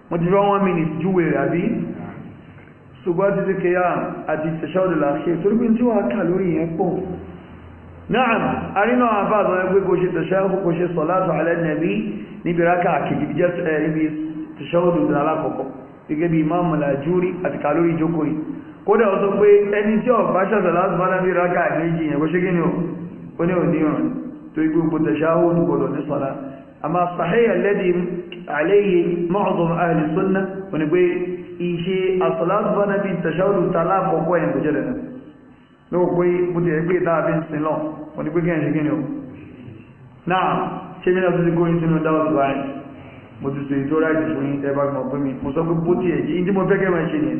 wọ́n ti fẹ́ one minute júwe rẹ̀ àbí ṣùgbọ́n ti ti kẹyà àti tashahhud al-akhir torí pé tí wọ́n kà lórí yẹn pọ̀ náà arínà àfáàzọ́ yẹn pé kò ṣe tashahhud kò ṣe salatu ala nabi níbi rákà àkejì jẹ́ níbi tashahhud al-akhir gẹ́gẹ́ bí Imam al-Ajuri àti kà lórí ìjókòó yìí kódà ó sọ pé ẹni tí ọ̀bá ṣàṣà láti bá lábí rákà méjì yẹn kó ṣe kí ni ó ní òdíwọ̀n tó igbó gbọdọ̀ ṣáwó gbọdọ̀ ní sọ́lá àmà sàhẹ́yà lẹ́dí àléyé mọ́ọ̀dọ̀m ahli sunna ó ní pé ìṣe àṣàlátù bá lábí tàṣàwùdù tàlá àkọ́kọ́ yẹn kò jẹ́ dẹ̀ lọ́wọ́ pé bó ti ẹgbẹ́ ìta àfi mo ti sọ ìtọ́ra ìdìbò yín ẹ mo sọ pé bó ti ẹ̀ jí mo fẹ́ kẹ́ máa ṣe nìyẹn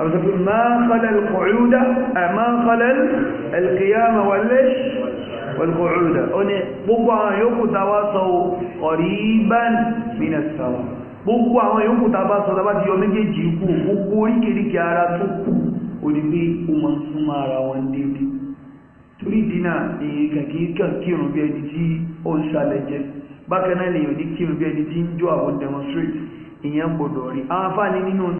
فبتقول ما خلا القعود ما خلا القيام والليش والقعود أني بقوا يوكو تواصوا قريبا من السواء بقوا àwọn yòókù tá a bá sọ tábà tí yọ méjèèjì kú gbogbo oríkèéríkè ara tó kù onígbé ó máa ń súnmọ́ ara wọn déédéé torí ìdínà èyí kàkíkàn kírun bí ẹni tí ó ń ṣàlẹ̀ jẹ bákan náà lèèyàn ní kírun bí ẹni tí ń jó àwọn demonstrate ìyẹn gbọdọ̀ rí àwọn afáàní nínú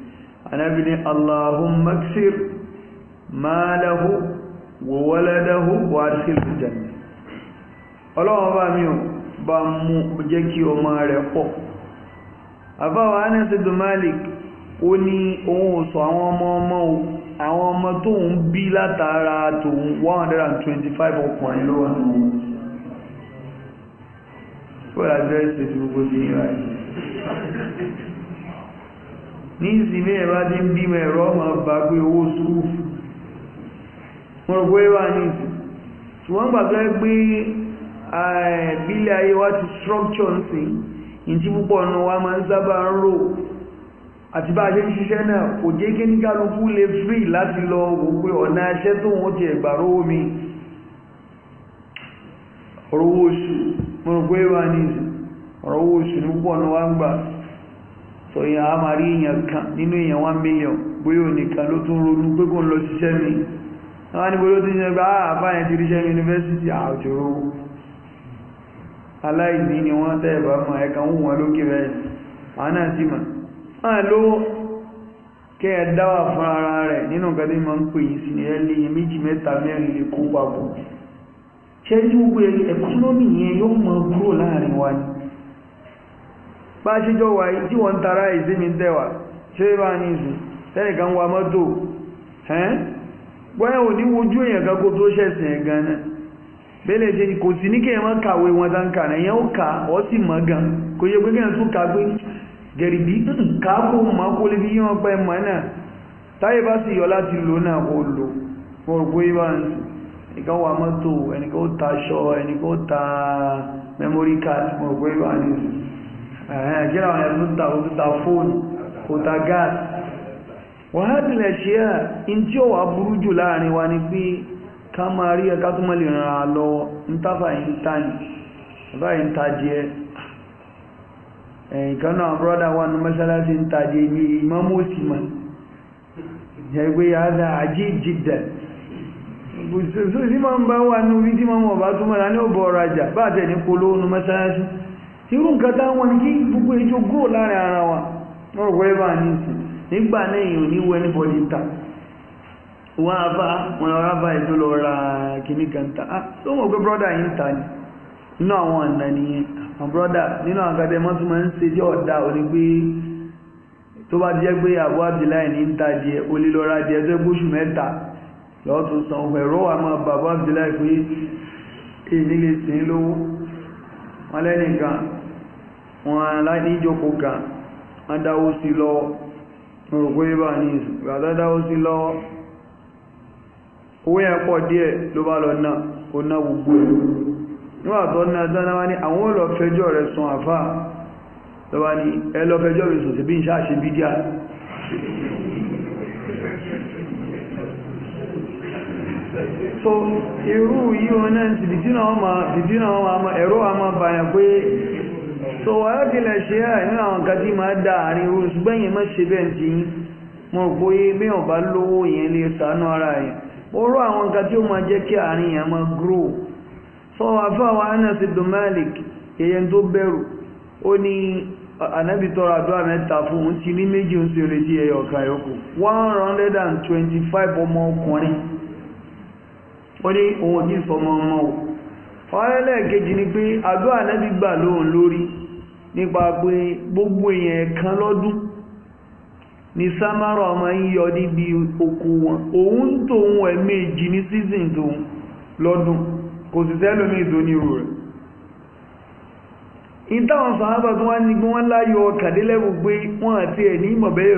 anábì ní allahumma ksir maalahu wa waladahu wa adkhilhu janna ọlọ́wọ́n bá mi ò bá mú jẹ́ kí ọmọ rẹ̀ pọ̀ àbáwọ̀ anas ibn malik ó ní òun ò sọ àwọn ọmọ tó ń bí látara tòun 125 ọkùnrin ló wà fọ́lá jẹ́ ìṣẹ́jú gbogbo bí i ráyìí ní ìsinmi ẹ̀bá tí ń bímọ ẹ̀rọ ma bá gbé owó skúù wọ́n rò pé wà ní ìsìn ṣùgbọ́n gbàgbẹ́ pé eh, bílẹ̀ ayé wá ti structure ń sìn ìtí púpọ̀ ọ̀nà wa máa ń sábà kò jẹ́ kí ní kálukú lè láti lọ ọ̀nà iṣẹ́ tó wọ́n ti ẹ̀gbà rówó mi ọ̀rọ̀ owó oṣù so yẹn a máa rí èèyàn kan nínú èèyàn one million bóyá onìkan ló tún ronú pé kò ń lọ ṣiṣẹ́ mi wọ́n ní bóyá ó ti ń yunifásitì àjòrò aláìní ni wọ́n tẹ́ ẹ̀bá mọ̀ ẹ̀kan wù wọn lókè rẹ̀ àánà sí mà á ló kẹ́ ẹ dáwà fún ara rẹ̀ nínú nǹkan tí mo ń pè yín sí ni ẹ lè yẹn méjì mẹ́ta mẹ́rin lè kó papọ̀ yóò mọ bá ṣíjọ́ wà tí wọ́n ń tara ìsinmi tẹ́wà ṣe bá ní ìsìn tẹ́nìkan wa mọ́tò ẹ́n wọ́n ò ní wojú èèyàn kan kó tó ṣẹ̀sìn ẹ̀ gan náà bẹ́lẹ̀ ṣe kò sí ní kéèyàn máa kàwé wọn tá ń kà náà èèyàn ó kà ọ́ sì mọ̀ gan kò yẹ pé kéèyàn tún kà pé gẹ̀rìbí hmm, kà á kó mọ̀ kó lè fi yí wọn pẹ́ mọ́ náà táyé bá sì yọ láti lò náà kó lò mo rò pé bá ń sìn ẹnìkan wa mọ́tò ẹnìkan ó ta aṣọ ẹnìkan ó ta memory card mo rò pé bá ń sìn كده هنرد ضد فون وتاجات وهذه الاشياء ان جو ابرج لاني واني بي كما كاتم لنا لو انت فاينتان فاينتاجي eh kana brother one masalasi si ni imam usima jaiwe hadha ajib jiddan buzu zima mba wa nu vidima mo ba tumo la ni obora ba te ni polo nu masalasi iru nǹkan táwọn ní kí gbogbo ìjọ gó láàrin ara wa wọ́n rò wẹ́rẹ́ bá ní ìsìn nígbà náà èèyàn ní wẹ́ ta wọ́n á bá wọn ará bá ìjọ lọ ra kìíní kan ta á ah, tó mọ̀ pé brọ́dà yìí ń ta ni nínú àwọn ọ̀nà nìyẹn àwọn brọ́dà nínú ń ṣe jẹ́ ọ̀dà tó bá jẹ́ pé abdullahi wọn láti jókòó kan wọ́n dáwó sí lọ mọ̀rọ̀kó yíba ní ìgbàtà dáwó sí lọ owó ẹ̀pọ̀ díẹ̀ ló bá lọ náà ó ná gbogbo ẹ̀ níwàtọ́ náà sánáwá ní àwọn olọ fẹjọ́ rẹ̀ sùn àfà lọ́wà ní ẹ lọ fẹjọ́ rẹ̀ sùn sí bí n ṣáṣe bídíà so irú yíò náà ti fìtínà wọn ma ẹ̀rọ wa ma bàyàn pé so ayọ́kìlẹ̀ ṣe ẹ̀ nínú àwọn nǹkan ma máa dá àárín ṣe bẹ́ẹ̀ ti yín mo rò pé bẹ́ẹ̀ bá lówó yẹn lè sànú ara yẹn ó rọ àwọn nǹkan ó ma jẹ́ kí àárín yẹn grow fọwọ́ afọ Anas ibn Malik èyẹn tó bẹ̀rù ó ní tọrọ àdúrà mẹ́ta fún ti ní méjì one hundred and twenty five ọmọ ọkùnrin ó ní òun ò ọmọ o ọ̀rẹ́lẹ̀ kejì ni pé àdúrà ànábì gbà lóhùn lórí nípa pé gbogbo èèyàn kan lọ́dún ni samara ọmọ ń yọ níbi oko wọn òun ń tòun ní season tòun lọ́dún kò sì rẹ̀ ìtàwọn sàábà tó wá ní pé wọ́n kàdélẹ́wò pé wọ́n àti ẹ̀ ní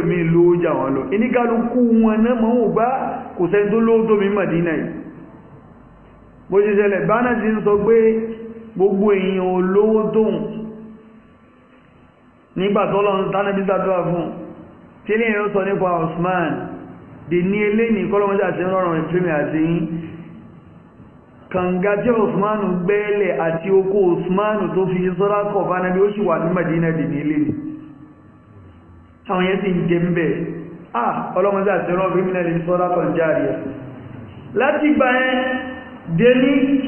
mi ló jà wọ́n lọ ìníkàlùkù wọn náà mọ̀ wò bá kò sẹ́ni tó tó mi yìí bó ṣe ṣẹlẹ̀ bánà ti ń sọ pé nígbàtọ́lọ́run tánàbí sàdúrà fún tí lè yóò sọ nípa Osman dè ní ilé ní kọ́lọ́mọ́sí àti rọrùn ìtìrìmì àti yín kànga tí Osman gbẹ́ẹ̀lẹ̀ àti oko Osman tó fi sọ́rá kọ̀ fánàbí ó sì wà ní Madina dè ní ilé ní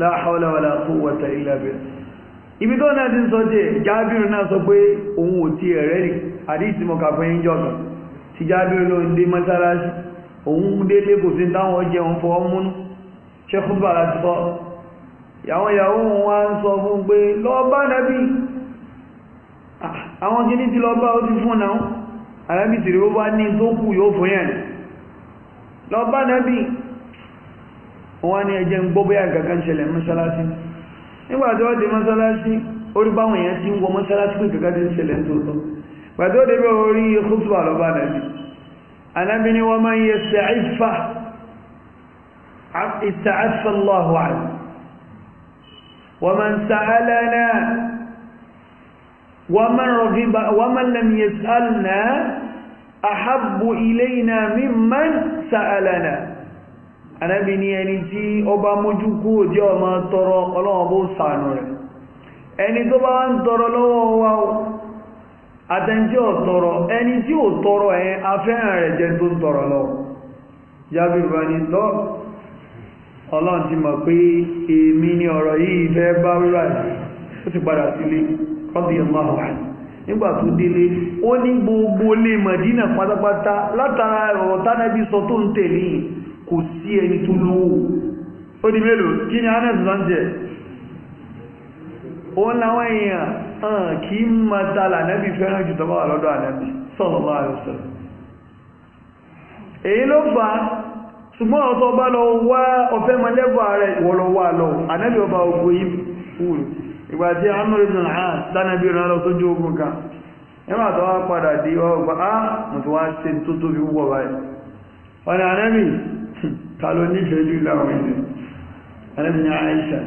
لا حول ولا قوة إلا بالله. ibi tó náà ti ń sọ jẹ́ jábìrì náà sọ pé òun ò ti ẹ̀rẹ́ rí àdíṣì mọ̀kà fún yín jọ̀kan tí jábìrì ló ń dé mọ́sálásí òun dé lẹ́kọ̀ọ́ sí táwọn jẹun fọ́ múnú ṣẹ́kúbà láti àwọn ìyàwó wá sọ fún pé lọ bá nàbí nígbàtí ó dé mọ́sálásí orí báwọn èèyàn ti ń wọ mọ́sálásí pé kẹ́kẹ́ tí ń ṣẹlẹ̀ tó tọ́ gbàtí ó dé bẹ́ orí kútùbà lọ bá nàbí anábí ni wọ́n máa ń yẹ sàífà ìtàáfà allahu àlù wọ́n máa ń sàálẹ̀ náà wọ́n máa ń rọ̀gíbà wọ́n máa ń lẹ́m yẹ sàálẹ̀ náà àhábù ilé náà mímọ́ sàálẹ̀ náà anábì ní ẹni tí ó bá mójú kúrò tí ọmọ tọrọ ọlọ́wọ́ bó sànù rẹ̀ ẹni tó bá ń tọrọ lọ́wọ́ wa o àtẹ̀ntí ò tọrọ ẹni tí ò tọrọ ẹ̀ afẹ́ràn rẹ̀ jẹ́ tó ń tọrọ lọ jábí ìbáni tọ́ ọlọ́run ti mọ̀ pé èmi ni ọ̀rọ̀ yìí fẹ́ bá wíwà yìí ó ti padà sílé kọ́bí ọmọ àwọn nígbà tó délé ó ní gbogbo lè Mádínà pátápátá látara ọ̀rọ̀ tánẹ́bí sọ tó ń tẹ̀lé yìí kò sí ẹni tó lówó ó di mélòó kí ni anes lọ ń jẹ òun làwọn èèyàn hàn kì í máa ta lànàbì fẹ́ràn jù tọ́ba wà lọ́dọ̀ ànàbì sallallahu alaihi wasallam èyí ló fà á ṣùgbọ́n ọ̀tọ́ bá lọ wá ọ̀fẹ́ mọ́lẹ́bọ̀ lọ ànẹ́bí ọba ogun yìí fúrù ìgbà tí amúrí ìran lọ ogun kan nígbà tó wá padà dé ọgbà á mọ̀tò wá ṣe tó ta ló nífẹ̀ẹ́ jù láwọn ènìyàn ẹlẹ́bìn ní àìsàn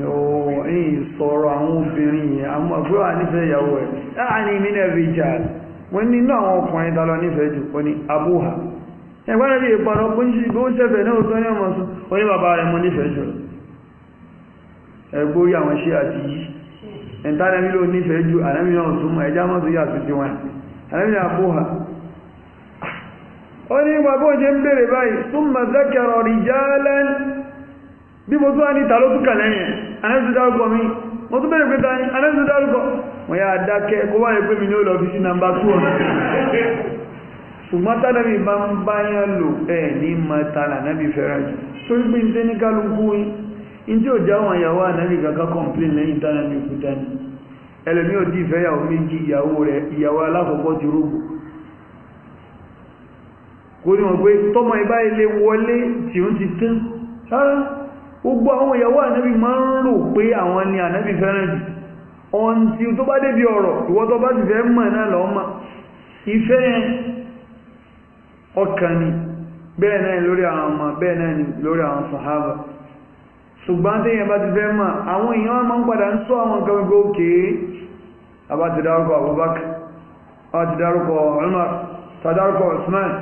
ìyìn sọ̀rọ̀ àwọn obìnrin yìí àwọn àgbéwà nífẹ̀ẹ́ ìyàwó ẹ̀ láàrin ah, mi náà rí jà wọ́n nínú àwọn ọkùnrin ta ló nífẹ̀ẹ́ jù ó ní abúhà ẹgbẹ́ rẹ̀ ìpàdọ̀ pé ó sẹ́fẹ̀ náà tó ní ọmọ sọ ó ní bàbá rẹ̀ mo nífẹ̀ẹ́ jù ẹgbórí àwọn ṣé àti yìí ẹ̀ntánẹ́mí ló nífẹ̀ẹ́ jù àrẹ́mí náà túnmọ̀ ẹjá mọ́ sí yàtọ̀ wọn àrẹ́mí náà abúhà ó ní ma bó ṣe ń bèèrè báyìí súnmà zákẹrọ rijalan bí mo tún wá ní tàló túkà lẹ́yìn anẹ́sì dárúkọ mi mo tún bèèrè pẹ́ta ní anẹ́sì dárúkọ mo yà dákẹ́ kó wáyé pé mi ní ó lọ fi sí nàmbà 2 ṣùgbọ́n tánàbí bá ń bá yán lò ẹ̀ ní mọ́tàlá náàbí fẹ́ràn jù torí wọn ìyàwó ànábì kankan complain lẹ́yìn tánàbí kú dání ẹlòmí ò dí ìfẹ́yàwó méjì ìyàwó rẹ̀ ìyàwó alákọ̀ọ́kọ́ ti rúgbò kò ní pé tọ́mọ ìbá ilé wọlé tí ó ti tán gbogbo àwọn ìyàwó ànábì máa ń rò pé àwọn ni ànábì fẹ́ràn jù ọ̀n tí tó bá débi ọ̀rọ̀ ìwọ tó bá ti fẹ́ mọ̀ ni bẹ́ẹ̀ náà lórí àwọn ọmọ bẹ́ẹ̀ náà ni lórí àwọn sàhábà ṣùgbọ́n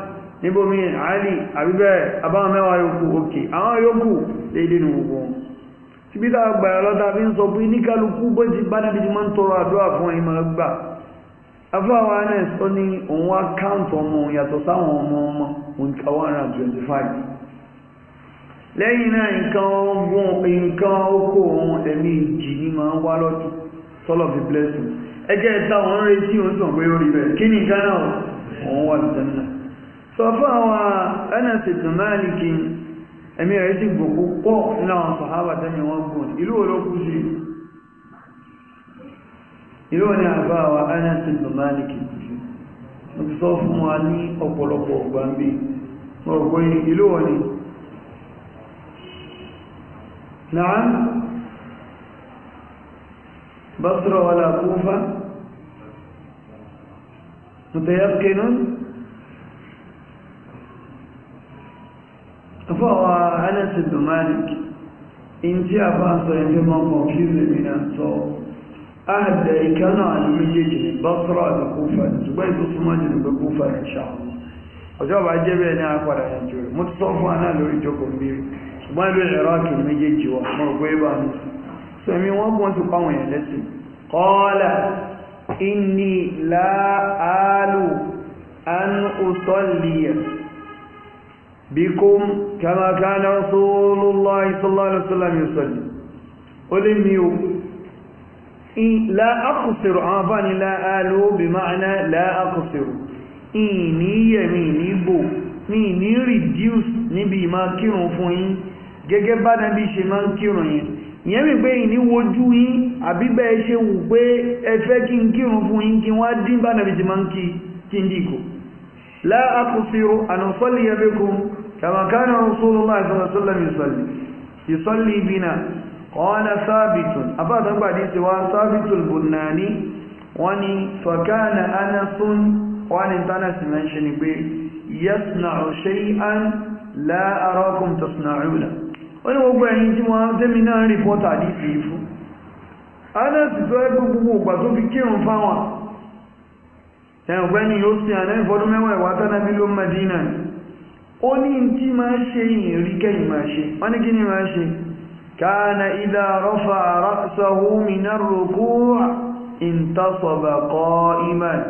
tí níbòmí àálì àbíbẹ̀ àbáwọn mẹ́wàá yòókù òkè àwọn yòókù léde nù gbogbo wọn síbí táwọn gbàyà lọ́ta fi ń sọ pé níkàlùkù bó ti bá níbi tí máa ń tọrọ àdúrà fún ẹ̀yìn máa gbà afáwọn anes ó twenty five lẹ́yìn náà nǹkan ogun oko òun ẹ̀mí ìjì ni máa ń wá lọ́dún sọ́lọ̀ fi blessing ẹjẹ́ ìta òun retí òun sàn pé ó rí sọ fún àwọn Anas ibn Malik ẹ̀mí rẹ̀ ti gbòkú pọ̀ nínú àwọn sàhábà tẹ́mi wọn gùn ìlú wo ló kú sí ìlú wo ni àbá àwọn Anas ibn Malik kù sí mo ti sọ fún wa ní ọ̀pọ̀lọpọ̀ ọgbà ń bí mo rò pé ìlú wo ni نعم بصرة ولا كوفة متيقن afọ́wà anẹ́sì domanic in tí a bá sọ ẹgbẹ́ mọ́ kọ̀ọ̀kílù mìíràn sọ áàdẹ̀ ìkánà àlúméjèèjì ní bọ́sọ́rọ̀ àti kúfà ṣùgbọ́n ìtò súnmọ́ jù nígbẹ́ kúfà ìṣà ọjọ́ bá jẹ́ bikum kama kana rasulullah sallallahu alaihi wasallam mi o la aqsiru àwọn bá ní la alu bi ma'na la aqsiru ìníyẹ̀mí níbò ní ní reduce níbi n'i gẹ́gẹ́ bá nàbí ṣe máa ń kírun yẹn ìyẹn mi pé ìní wojú yín àbí bẹ́ẹ̀ ṣe wù pé ẹ fẹ́ kí n kírun fún yín kí wọ́n á dín bá nàbí ṣe máa ń kí kí n كما كان رسول الله صلى الله عليه وسلم يصلي يصلي بنا قال ثابت أبا تنبع دي سوى ثابت البناني واني فكان أنس واني تنس منشن بي يصنع شيئا لا أراكم تصنعونه wọ́n ni gbogbo ẹ̀yìn tí wọ́n tẹ́mi náà rí pọ́tà ní ìfìfú anẹ́sì tó ẹgbẹ́ gbogbo ògbà tó fi kírùn fáwọn ẹ̀yìn ọ̀gbẹ́ni yóò sí àná ìfọdún mẹ́wàá ìwátánàbí ló mẹ́dínà ó ní tí máa ṣe ìrìn kẹ́yìn máa ṣe wọ́n ní kí ní máa ṣe kana idha rafa ra'sahu min ar-ruku' intasaba qa'iman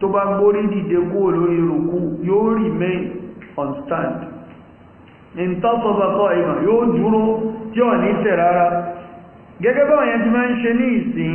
tó bá gbórí dìde kúrò lórí rùkú yóò remain on stand intasaba qa'iman yóò dúró tí ò ní tẹ̀ rárá gẹ́gẹ́ báwọn yẹn ti máa ń ṣe ní ìsìn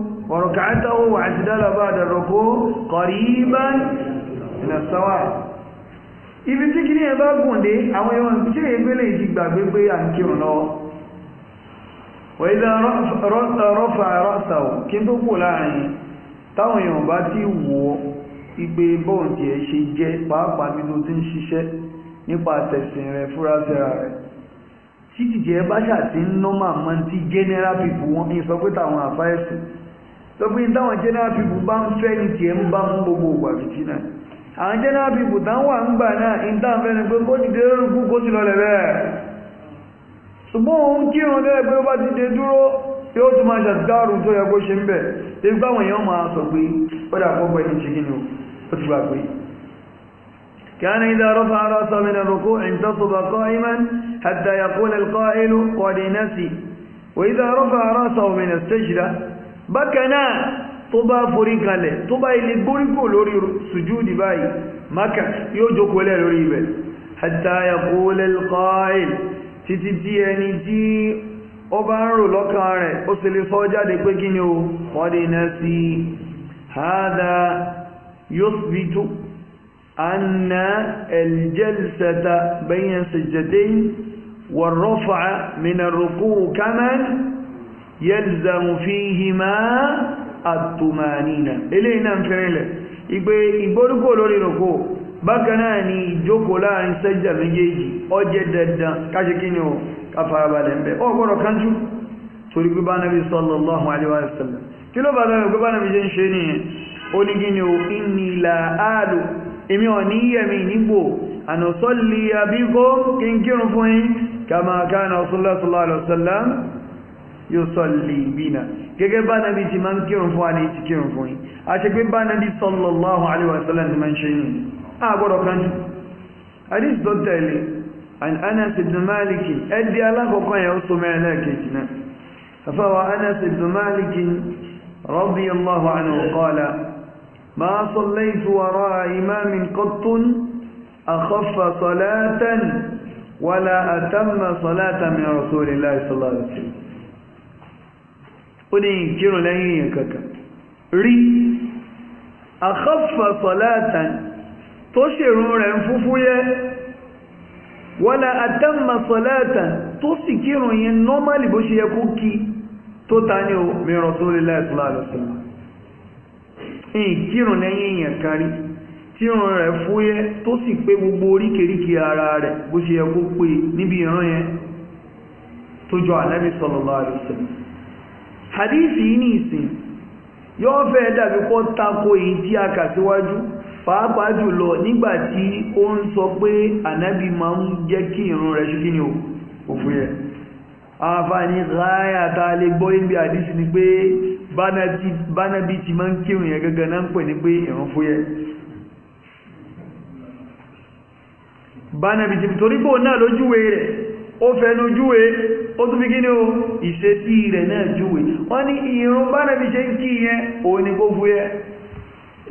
وركعته واعتدل بعد الركوع قريبا من السواء ibi tí kí ní ẹbá gùnde àwọn ẹwọ̀n tí èyí gbélé ti gbàgbé pé à ń kírun lọ wẹ̀dá rọ́fà rọ́sàwò kí tó kò láàrin táwọn èèyàn bá ti wọ igbe bọ́ọ̀dì ẹ̀ ṣe jẹ́ pàápàá nínú tí ń ṣiṣẹ́ nípa tẹ̀sìn rẹ̀ fúrásẹ́ra rẹ̀ tí ìjẹ́ bá ṣàtí ń nọ́mà mọ́ tí general people wọ́n ń sọ pé táwọn àfáẹ́sùn lọ́gbìn táwọn general people bá ń fẹ́ ní tiẹ̀ ń bá mú gbogbo ògbà fìtí náà àwọn general people tá ń wà ń gbà náà ń tàn fẹ́ ni pé kó ti dé lórúkú kó sì lọlẹ̀ bẹ́ẹ̀ ṣùgbọ́n òun kírun lẹ́rẹ̀ pé ó bá ti dé dúró yóò tún máa ṣàtìkáàrùn tó yẹ kó ṣe ń bẹ̀ كان إذا رفع رأسه من الركوع انتصب قائما حتى يقول القائل قد نسي وإذا رفع رأسه من السجدة bákan náà tó bá forí kalẹ̀ tó bá ilé gbóríkò lórí sùjúdì báyìí maka yóò jókòó lórí ibẹ̀ hatta yaqula al-qa'il títí tí ẹni tí ó bá ń rò lọ́kàn rẹ̀ ó sì lè sọ jáde pé kí ni o qad nasi hadha yuthbitu أن الجلسة بين السجدين والرفع من الركوع كمان yẹlzamu fihima àtùmánínà eléyìí náà ń fẹ́rẹ̀lẹ̀ ìgbé ìgbórúkò lórí rògbò bákan náà ni ìjókòó láàrin sẹ́jà méjèèjì ọjẹ́ dandan káṣe kí ni ó káfarabalẹ̀ ń bẹ ọ gbọ́dọ̀ kánjú torí pé bá nàbí sallallahu alaihi wa yusalli bina gẹ́gẹ́ bá nàbí ti máa ń kírun fún àní ti kírun fún yín àti pé bá nàbí sallallahu alaihi wasallam ni máa ń ṣe yìí àgbọ́dọ̀ kan jù hadith tó tẹ̀lé an anas ibn malik ẹdí alákọ̀ọ́kọ́ yẹn ó so mẹ́rin lẹ́ẹ̀kejì náà afáwa anas ibn malik radiyallahu anhu qala ma sallaytu ó ní ìkírùn lẹ́yìn èèyàn kankan rí àkọ́fà sọ̀láàtàn tó ṣèrún rẹ̀ ń fúfú yẹ́ wọ́la àtàmà sọ̀láàtàn tó sì kírùn yẹn nọ́màlì bó ṣe yẹ kó kí tó ta ní o mìíràn tó lè láìsọ́lá àlọ́sọ́lá ìkírùn lẹ́yìn èèyàn kárí tírun rẹ̀ fúyẹ́ tó sì pé jọ ànábì sallallahu alaihi hadisi yìí ní ìsìn yóò fẹ́ dàbí kọ́ tako èyí tí a kà síwájú pàápàá jùlọ nígbà tí ó ń sọ pé ànábì máa ń jẹ́ kí ìrun rẹ̀ ṣe kí ni ò àǹfààní ráyà gbọ́ ibi àdísì ni pé bánábì ti máa ń kírun yẹn gẹ́gẹ́ náà ń pè ní pé fún bánábì ti ó fẹnu júwe ó tún fi kí ní o ìṣesí rẹ̀ náà júwe wọ́n ní ìrun bá nàbí ṣe ń kí yẹn òun ni kó fúyẹ́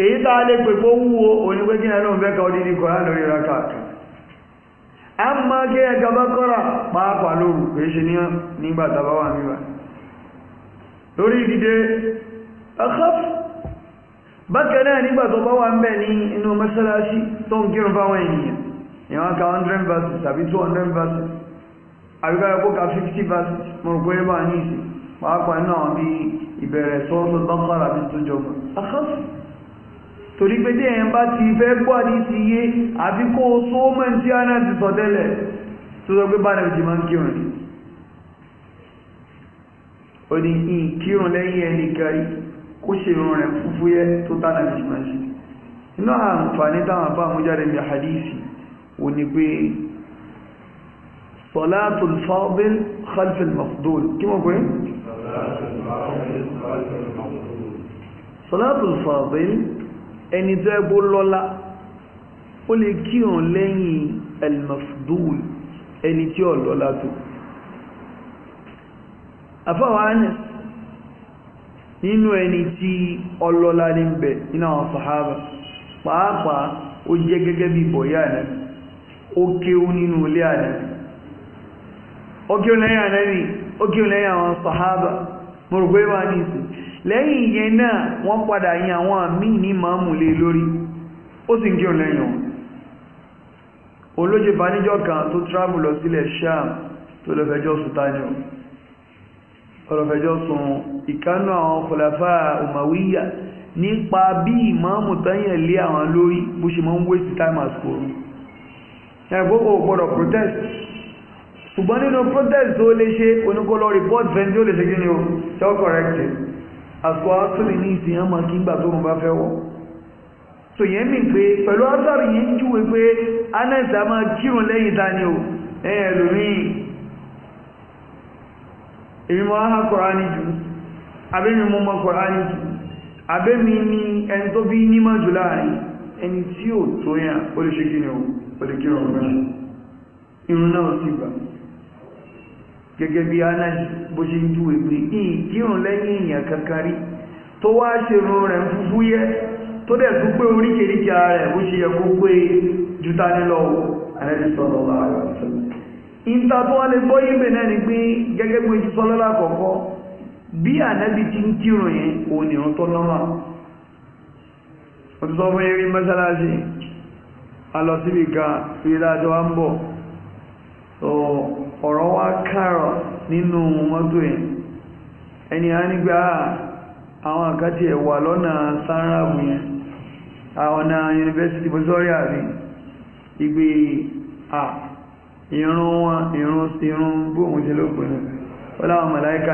èyí tá lè pè kó wúwo òun ni pé kí ẹnu fẹ́ ka odidi kọ̀ án lórí raka a máa kí ẹ̀ka bá kọ́ra pàápàá lóru kìí ṣe nígbà tàbá wà nígbà lórí ìdíde akhaf bákan náà nígbà tó bá wà ń bẹ̀ ní inú mọ́sálásí tó ń kírun fáwọn ènìyàn ìwọ̀n ka 100 verses tàbí 200 verses àríkà ẹ̀kọ́ ka 50 verses mọ̀rùkọ́ ẹ̀bà ní ìsìn pàápàá náà bí ìbẹ̀rẹ̀ sọ́ọ̀sọ̀ bákàrà bí tó jọmọ̀ àkáfù torí pé tí ẹ̀yẹn bá ti fẹ́ gbọ́ ní ti yé àbí kó o só mọ̀ tí a náà ti sọ tẹ́lẹ̀ tó sọ pé bá náà ti máa ń kírun صلاة الفاضل خلف المفضول كما قلت صلاة الفاضل ẹni tó ẹgbó lọ́lá ó lè kírun lẹ́yìn al-mafdul ẹni tí ó lọ́lá tó afáwà Anas nínú ẹni tí ọlọ́lá ní bẹ̀ nínú àwọn sàhábà pàápàá ó jẹ́ gẹ́gẹ́ bí bọ̀yá náà ó kéwú nínú ilé Ànábì oge kírun lẹ́yìn ànábì ó kírun lẹ́yìn àwọn sàhábà mo rò pé wàá nìsín lẹ́yìn náà padà yin àwọn míì ní màámù lé lórí ó sì ń kírun wọn olóje kan tó travel lọ sílẹ̀ sham tó lọ sùn sun ìkánú àwọn kọlàfà umawiya nípa bí ìmáàmù tányẹ̀ lé àwọn lórí bó ṣe mọ́ ń wé sí time at school ṣùgbọ́n nínú protest tó lè ṣe oníkólọ́ report fẹ́ntí ó lè ṣe gíní o tell corrected àsìkò asọ́lẹ̀ ní ìsìn àmà kí ń gbà tó rùn bá fẹ́ wọ́ so yẹn mì pé pẹ̀lú asọ́rì yẹn júwe pé anẹ́sì a máa kírun lẹ́yìn tani o ẹ̀yìn ẹlòmíì èmi mọ́ áhà kọ̀rání jù abẹ́mi mọ́ mọ́ kọ̀rání jù abẹ́mi ní ẹni tó bí nímọ̀ jù láàrin ẹni tí ò tó yàn ó lè ṣe gíní o ó lè kírun fún irun náà sì gbà gẹ́gẹ́ bí anas bó ṣe ń júwe pé ìkírun lẹ́yìn èèyàn kankan rí tó wá ṣe run rẹ̀ ń fúfú yẹ́ tó dẹ̀ tún pé oríkèríkà rẹ̀ bó ṣe yẹ kó pé júta nílọ Ànábì sallallahu alaihi wasallam ìta tó wá lè gbọ́ yíbẹ̀ náà ni pé gẹ́gẹ́ bí oṣù sọ́lọ́lá àkọ́kọ́ bí Ànábì ti ń kírun yẹn òun nìrun tó lọ́mà ó ti sọ fún eré mọ́sálásí a lọ síbi kan fi wa ń bọ̀ so ọ̀rọ̀ wá kárọ̀ nínú mọ́tò yẹn ẹni a nígbà àwọn àkátì ẹ̀ wà lọ́nà sanrabu yẹn àwọn na yunifásitì bọ́sọ́rí àrí ìgbé à ìrún wọn ìrún bóòmù ṣe lópin ọlọ́wọ́n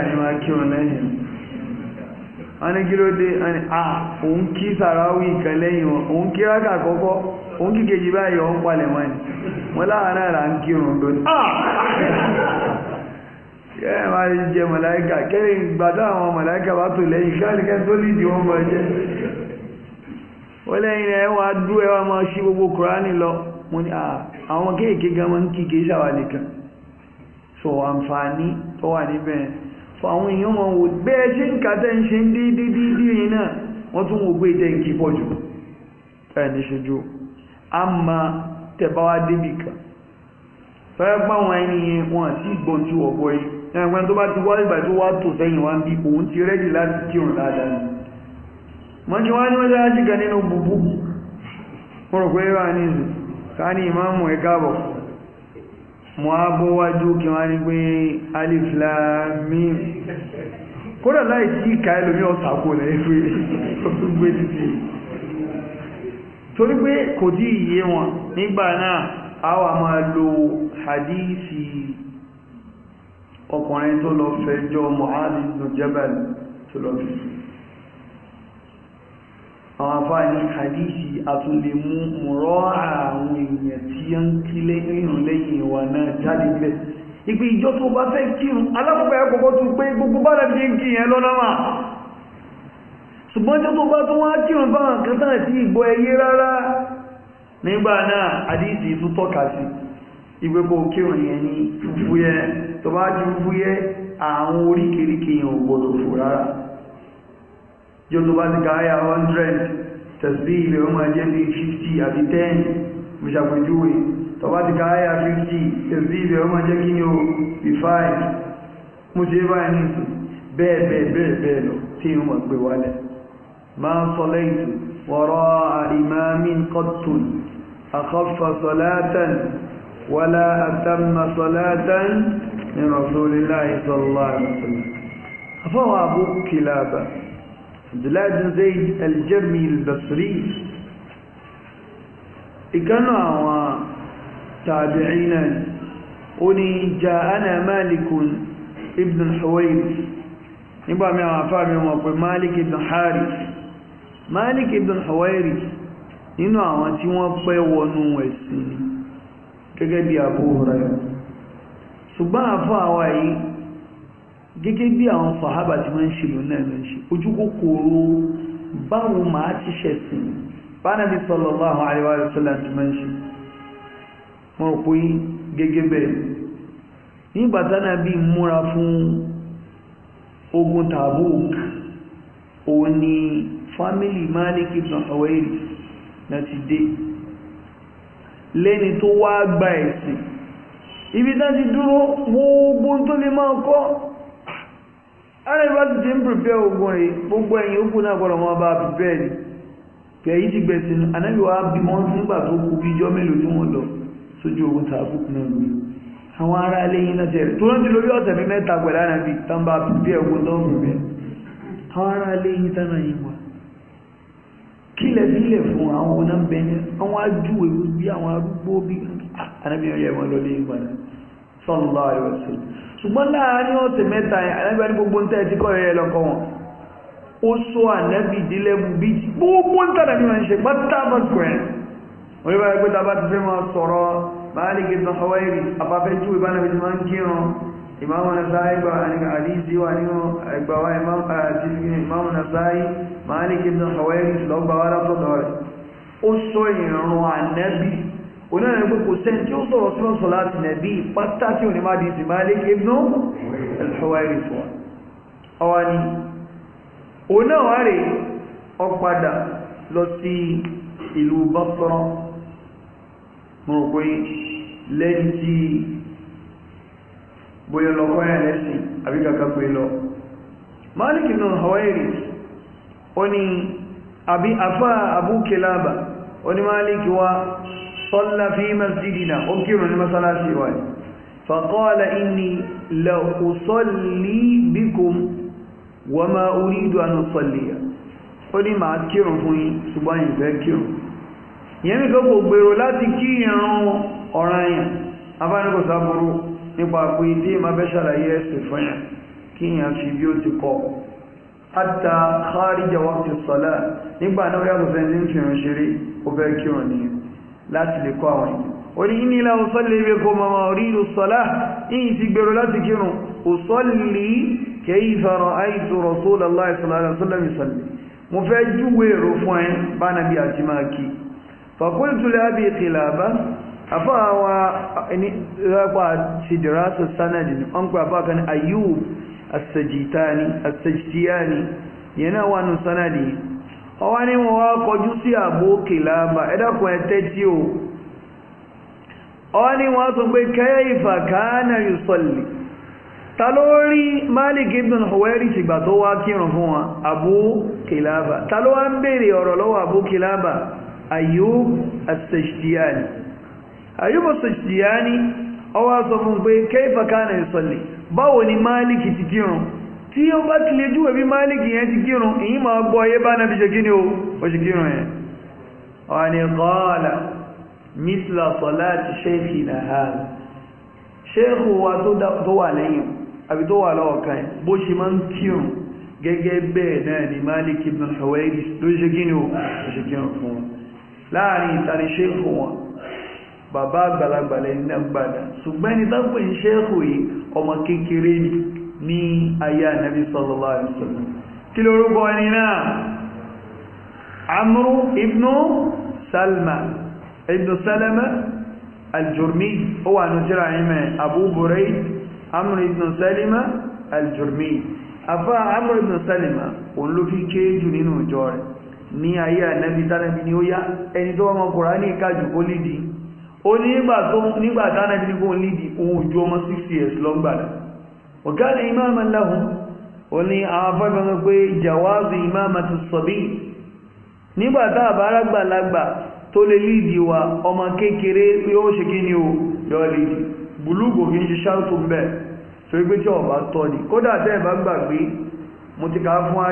ni wọ́n á kírun lẹ́yìn wọ́n kí ló dé ẹni à ah, òun kí sàráwì kan lẹ́yìn wọn òun kí rákà kọ́kọ́ òun kí kejì báyìí òun palẹ̀ wọn ni wọ́n láàárín àrà ń kírun lónìí kẹ́rin máa ń jẹ mọ̀láíkà kẹ́rin gbàdá àwọn mọ̀láíkà bá tò lẹ́yìn káàkiri tó lìdí wọn mọ̀ jẹ́ ó lẹ́yìn ẹ̀ wọ́n á dú ẹ wá máa ṣí gbogbo kùránì lọ mo ní ah, àwọn kéèké gan máa ń kí kì í ṣàwà nìkan so àǹfààní tó wà níbẹ̀ so àwọn èèyàn mọ̀ wò bẹ́ẹ̀ ṣe ń kàtẹ́ ń ṣe ń dí dí dí dí yìí náà wọ́n tún wò gbé jẹ́ nkí pọ̀ jù ẹni ṣojú a ma tẹ̀báwá débì kan fẹ́ẹ́ gbá wọn ẹni yẹn wọn àti ìgbọ́n tí wọ́n gbọ́ yìí ẹ̀wọ̀n tó bá ti wá ìgbà tó wá tò sẹ́yìn wá ń bí òun ti rẹ́dì láti kírun dáadáa ni wọ́n ti wá ní wọ́n dára jìgà nínú bùbú mo rò pé wà ní ìsìn ká ní ìmáàmù ẹ̀ káàbọ̀ wọ́n á bọ́ wájú kí wọ́n ní pé alif lam mim kódà láì tí ìka ẹlòmí ọ̀sàkó lẹ́yìn pé gbé títí torí pé kò tí ìyé wọn nígbà náà a wà máa lo hadisi ọkùnrin tó lọ fẹjọ́ Mu'adh ibn Jabal tó lọ fi sí àwọn afáàní hadithi àtúnlè mú mọ̀rọ́ àwọn èèyàn tí ó ń kílé ìrùn lẹ́yìn ìwà náà jáde bẹ̀. ìpè ìjọ tó bá fẹ́ kírun alákọ̀ọ́kọ́ ẹ̀kọ́kọ́ tún pé gbogbo bá dàbí ń kí yẹn lọ́nà mà. ṣùgbọ́n tó bá tún wá kírun báwọn kan tán àti ìgbọ́ ẹyẹ rárá nígbà náà hadithi tún tọ́ka sí ìwé kó kírun yẹn ní fúfú tó bá ju fúfú àwọn oríkèéríkèé yẹn gbọdọ̀ fò rárá yóò tó bá ti ka àyà 100 tẹ̀sí ibẹ̀ ọmọ ẹ̀jẹ̀ bí 50 àti 10 mo ṣàpèjúwe tó bá ti ka àyà 50 tẹ̀sí ibẹ̀ ọmọ ẹ̀jẹ̀ kí ni o bí 5 mo ṣe báyìí ní ìsìn bẹ́ẹ̀ bẹ́ẹ̀ bẹ́ẹ̀ bẹ́ẹ̀ lọ tí ń wọ́n gbé wálẹ̀ máa ń sọ lẹ́yìn wọ́rọ́ àìmáàmì kọ́tùn àkọ́fà sọ̀láàtàn wọ́lá àtàmà sọ̀láàtàn ní rọ̀sọ̀lélá ìsọ̀lá àfọwọ́ àbúkìlàbà abdullahi bin zayd al-jarmi al-basri ìkánú àwọn tàbí'ínà ó ní ja'ana malikun ibn al-huwayrith nígbà mi àwọn afá mi wọn pé malik ibn harith malik ibn al-huwayrith nínú àwọn tí wọ́n pẹ́ wọnú ẹ̀sìn gẹ́gẹ́ bí Abu Hurairah ṣùgbọ́n àfọ́ àwa yìí gẹ́gẹ́ bí àwọn sàhábà tí wọ́n ń ṣe lónà ẹ̀rọ ṣe ojú kòkòrò báwo máa ti ṣẹ̀sìn bánàbí sallallahu alaihi wa sallam tí wọ́n ń ṣe wọ́n rò pé gẹ́gẹ́ bẹ́ẹ̀ nígbà tánàbí múra fún ogun Tabuk òun ni fámílì Malik ibn Huwayrith náà dé lẹ́ni tó wá gba ẹ̀sìn ibi tá ti dúró gbogbo tó lè máa kọ́ anabati ti n prepare ogun rẹ̀ e, gbogbo ẹ̀yin ó kú náà gbọ́dọ̀ wọn bá prepare ni pé èyí ti gbẹ̀sì nù anábì wa bí wọ́n nígbà tó kú bí ijọ́ mélòó tí wọ́n ogun náà àwọn ará ilé yín náà tẹ̀lé tó rántí lórí ọ̀sẹ̀ bí mẹ́ta pẹ̀lú anábì tá ń bá prepare ogun tó ń àwọn ará ilé tánà wà kílẹ̀ sílẹ̀ fún àwọn ṣùgbọ́n láàárín ọ̀sẹ̀ mẹ́ta ànábì ní gbogbo ń tẹ́ ti kọ́ rẹ̀ lọ́kọ̀ wọn ó sọ ànábì ìdílé bí gbogbo ń tàbí wọn ṣe pátá bá square wọn yóò bá yẹ pé tá a bá ti fẹ́ máa sọ̀rọ̀ báyìí kì í san ọwọ́ ìrì àbáfẹ́ jù ìbánabí ti máa ń kírun ìmáàmù nasáyí gba àdíjí wà nínú ẹgbàwà ìmáàmù nasáyí máa ní kí ibùdó ọ̀wẹ́rì rẹ̀ ó sọ ìrun ànábì onáà ẹgbẹ́ kò sẹ́ni tí ó sọ̀rọ̀ tí wọ́n sọ láti nẹ̀bí pátá tí ò ní máa di ìsìn máa lékè ibn al-Huwayrith fún ọwá ni onáà wá rè ọpadà lọ sí ìlú Basra mọ̀ pé lẹ́yìn tí bóyá lọ kọ́ ẹ̀ lẹ́sìn àbí kàkà pé lọ Malik ibn al-Huwayrith ó ní àbí Abu Kilaba ó ní Malik صلى في مسجدنا أمكن لما صلاة سواي فقال إني لأصلي بكم وما أريد أن أصلي قل ما أذكر فني سبحان فكر يعني كفو برولاتي كي يرون أرانيا أفاني كسابرو nípa pé tí ma fẹ́ ṣàlàyé ẹ̀sìn fún yàn kí yàn fi bí ó ti kọ́ hatta kharija waqti salat nígbà náà yàtọ̀ sẹ́ni ń láti lè kọ́ àwọn ìjọ orí ní ilẹ̀ òsọ́lẹ̀ ibi kò mọ̀mọ̀ orí ìrùsọ́lá ìyìn ti gbèrò láti kírun òsọ́lẹ̀ kẹ́yì fẹ́ràn àìsù rọ̀sọ́lọ́lá mo fẹ́ júwe èrò fún ẹ bá nàbí àti máa kí fàkúntù lábí ìkìlàbá afọ́ àwọn ẹnilápá ti dìrásù sanadi ọ̀n ọwá ní wọn wá kọjú sí àbú kìláàbà ẹ̀dàkùn ẹ̀tẹ́ tí ó ọwá ní wọn sọ pé kayfa kana ta ló rí Malik ibn Huwairi tìgbà tó wá kírun fún wọn ta ló wá ń bèèrè ọ̀rọ̀ lọ́wọ́ àbú kìláàbà Ayyub as-Sajdiyani Ayyub as sọ tí ó bá ti lè júwẹ̀ bí máàlìkì yẹn ti kírun èyí ma gbọ́ ayé bá náà fi ṣe kíni o ṣe kírun yẹn ọ̀nì kọ́ọ̀lá mísìlá sọ́lá ti ṣéèkì náà ha ṣéèkù wa tó wà lẹ́yìn àbí tó wà lọ́ọ̀kan bó ṣe máa ń kírun gẹ́gẹ́ bẹ́ẹ̀ náà ni máàlìkì ni ní ayé ànábì sallallahu alaihi wasallam kí lórúkọ ẹni náà amru ibnu salma ibnu salama aljurmi ó wà ní tíra ìmẹ̀ abu burayd amru ibnu salima aljurmi afá amru ibnu salima òun ló fi kéjù nínú ìjọ rẹ̀ ní ayé ànábì tánàbí ni ó yá ẹni tó wọ́n mọ́kùnrin ní ìkájù ó lídìí ó ní nígbà tánàbí ní kó lídìí ohun ìjú ọmọ 6 years lọ́gbàdà وكان إماما لهم ولي أعفق جواز إمامة الصبي nígbà tá àbárágbàlagbà tó lè lídìí wa ọmọ kékeré yóò ṣe o yọ lídìí gbùlúgbò kí n ṣe ṣáàtò mbẹ̀ so wípé ọba tọ́ ni kódà tẹ́ ẹ̀bá gbàgbé mo mutika kà á wọ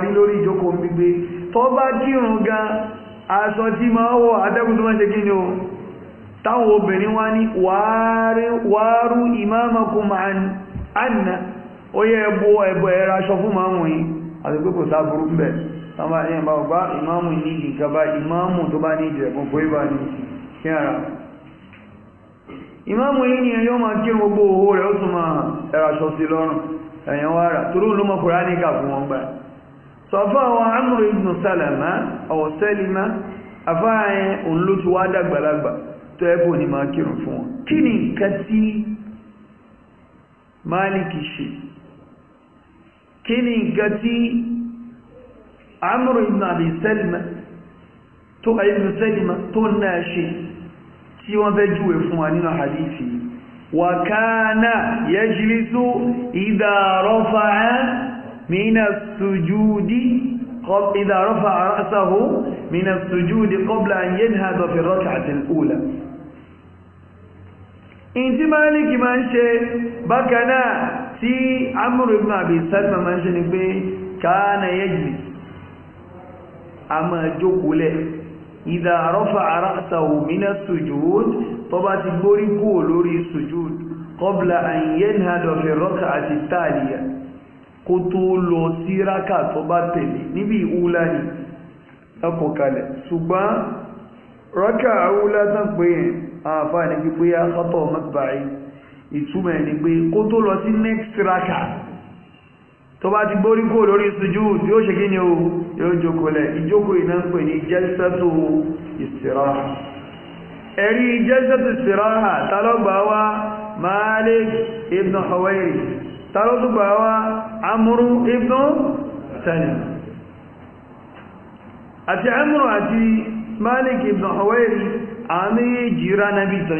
tó máa ṣe kí ni o táwọn obìnrin wá ní wàárú ó yẹ ẹbọ ẹra aṣọ fún màmú ah, yìí àti mbẹ sábà ní ìbá ọgbà ìmáàmù ní ìjọba ìmáàmù tó ara ìmáàmù yìí ni ma máa gbogbo re o ó ma máa ẹra aṣọ sí lọ́rùn ẹ̀yàn wá rà mọ kúrò áníkà wọn gba sọfọ àwọn ọwọ afáàyẹn dàgbàlagbà tó ẹ ní máa kírun fún wọn kí ni nǹkan tí amúrò ibn abi sẹ́lìmà tó ibn sẹ́lìmà tó náà ṣe tí wọ́n fẹ́ júwe fún wa nínú hadithi wa kana yajlisu idha rafa'a min as-sujudi إذا رفع رأسه من السجود قبل أن ينهض في الركعة الأولى إنت مالك من شيء بكنا tí amúrò ibn àbí sálmà máa ń ṣe ni pé káàna yẹ́jì a máa jókòólẹ̀ ìdá rọ́fà ara sàwòmínà sujúd tó bá ti gbórí kúrò lórí sujúd kọ́bla àyẹ́nà dọ̀fẹ̀ rọ́kà àti tààlìyà kó tó lọ sí rákà tó bá tẹ̀lé níbi ìhúlá ni ẹkùn kalẹ̀ ṣùgbọ́n rákà àwúlá tán pé àfáà ní pípé yá sọ́tọ̀ mọ́tàbáyé ìtumọ̀ ẹ̀ pé kó tó lọ sí next raka tó bá ti gbórí kó lórí o yóò jókòó lẹ̀ ìjókòó iná pè ní jẹ́sẹ́tò ìsìráhà ẹ̀rí jẹ́sẹ́tò ìsìráhà Malik ibn Huwairi tálọ́gbà wá ibn ati àti ati àti Malik ibn Huwairi àmì jìra nabi ṣe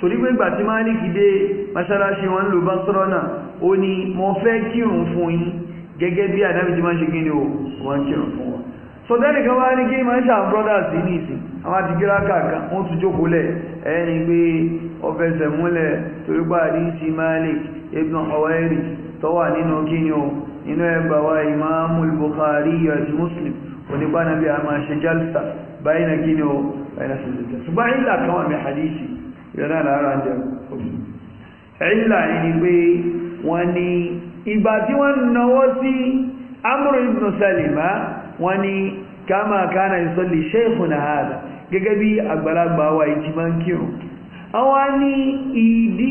torí pé ìgbà tí Málíkì dé mọ́ṣáláṣí wọn lò bá sọ́rọ́ náà ó ní mo fẹ́ kírun fún yín gẹ́gẹ́ bí àdábì tí máa ṣe kí o wọ́n ń kírun fún wọn so tẹ́lẹ̀ kan wá ní kí máa ń ṣe àwọn brothers yìí ní ìsìn àwọn àti gíráàkà kan wọ́n tún jókòó lẹ̀ ẹni pé ọfẹsẹ̀ múlẹ̀ torí pé àdínsí Malik ibn ọwẹ́rì tó wà nínú kí ni o nínú ẹgbà wa ìmáàmù Bukhari àti Muslim onípa nàbí àmà ṣe jálsà báyìí na kí o báyìí na ṣe jálsà ṣùgbọ́n ìlà kan wà mẹ́ hadisi yọ̀nà lára jẹ́ ẹ̀yìnlá ni pé wọ́n ní ìgbà tí wọ́n náwó sí amúrò ibn salima wọ́n ní kama kana yusalli shaykhuna hada gẹ́gẹ́ bí àgbàlagbà wa ìjì máa ń kírun àwọn ní ìdí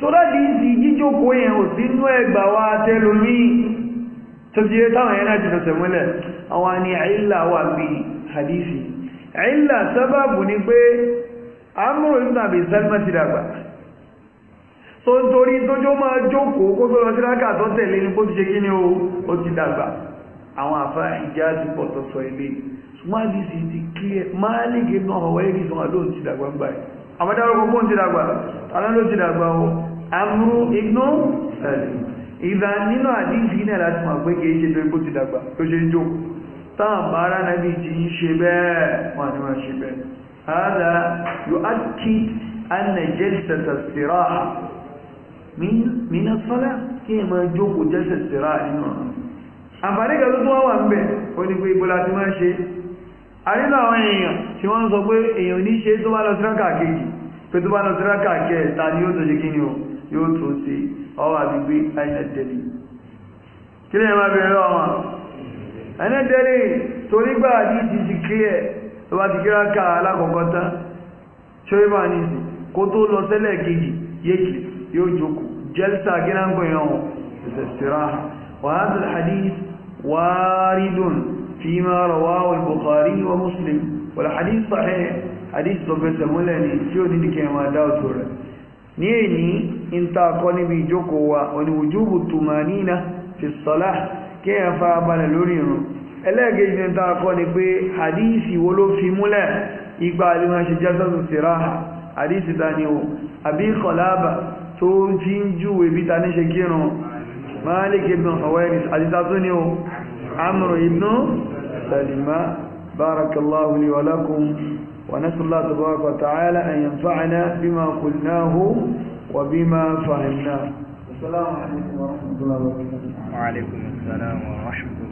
tó láti ìdí jíjókòó yẹn ò sínú ẹgbà wa tẹ́lómíì tọ́jú táwọn ẹ̀nà ti fẹsẹ̀ múlẹ̀ àwọn ni àìlà wà bí hadisi àìlà sábàbù ni pé àmúrò ìbùnà àbí sẹ́lmà ti dàgbà tó ń torí tójó máa jókòó kó tó lọ sí rákà tó tẹ̀lé ní bó ti ṣe kí ni ó ti dàgbà àwọn àfa ìjà àdúpọ̀ tó sọ ilé ṣùgbọ́n àdìsí ti clear máa lè gé náà ọ̀wọ́ ẹ̀rí ìsọ̀rọ̀ ló ń ti dàgbà gbà yìí àwọn adarọ̀ gbogbo ṣe bẹ́ẹ̀ wọn ni wọ́n ṣe bẹ́ẹ̀ هذا يؤكد أن جلسة الصراحة من من الصلاة كما جوك جلسة الصراحة àǹfààní kan ló tún wá wà ń bẹ̀ ó ní pé ibola ti máa ń ṣe àrínà àwọn èèyàn tí wọ́n ń sọ pé èèyàn ní ṣe tó bá lọ síráka kejì pé tó bá lọ síráka kẹta ni yóò tó ṣe kí ni o yóò tó ṣe ọwọ́ àgbègbè àìnàdẹ́lì kí lè máa bẹ̀rẹ̀ lọ́wọ́ àìnàdẹ́lì torí gbà ní ti ti kílẹ̀ tó bá ti kíra ká alákọ̀ọ́kọ́ tán ṣóyí bá ní ìsìn kó tó lọ sẹ́lẹ̀ kejì yéjì yóò jókòó jẹ́lísà gíráńgbọ̀n yẹn wọn استراحة وهذا الحديث وارد فيما رواه البخاري ومسلم والحديث صحيح حديث بس مولاني شو دي كما داو تورا نيني انت قوني بي جوكو وني وجوب الطمانينة في الصلاة كيف فابل لورينو ẹlẹ́ẹ̀kejì ní ta kọ́ ni pé hadisi wo ló fi múlẹ̀ igba àdìmọ̀ ṣe jẹ́ sọ́sọ̀ síra hadisi ta ni o àbí kọ̀láàbà tó ti ń júwe bí ta ní ṣe kírun Malik ibn Khawaris àdìta tó ni o barakallahu wa lakum ونسأل الله تبارك وتعالى أن ينفعنا بما قلناه وبما فهمناه السلام عليكم ورحمة الله وبركاته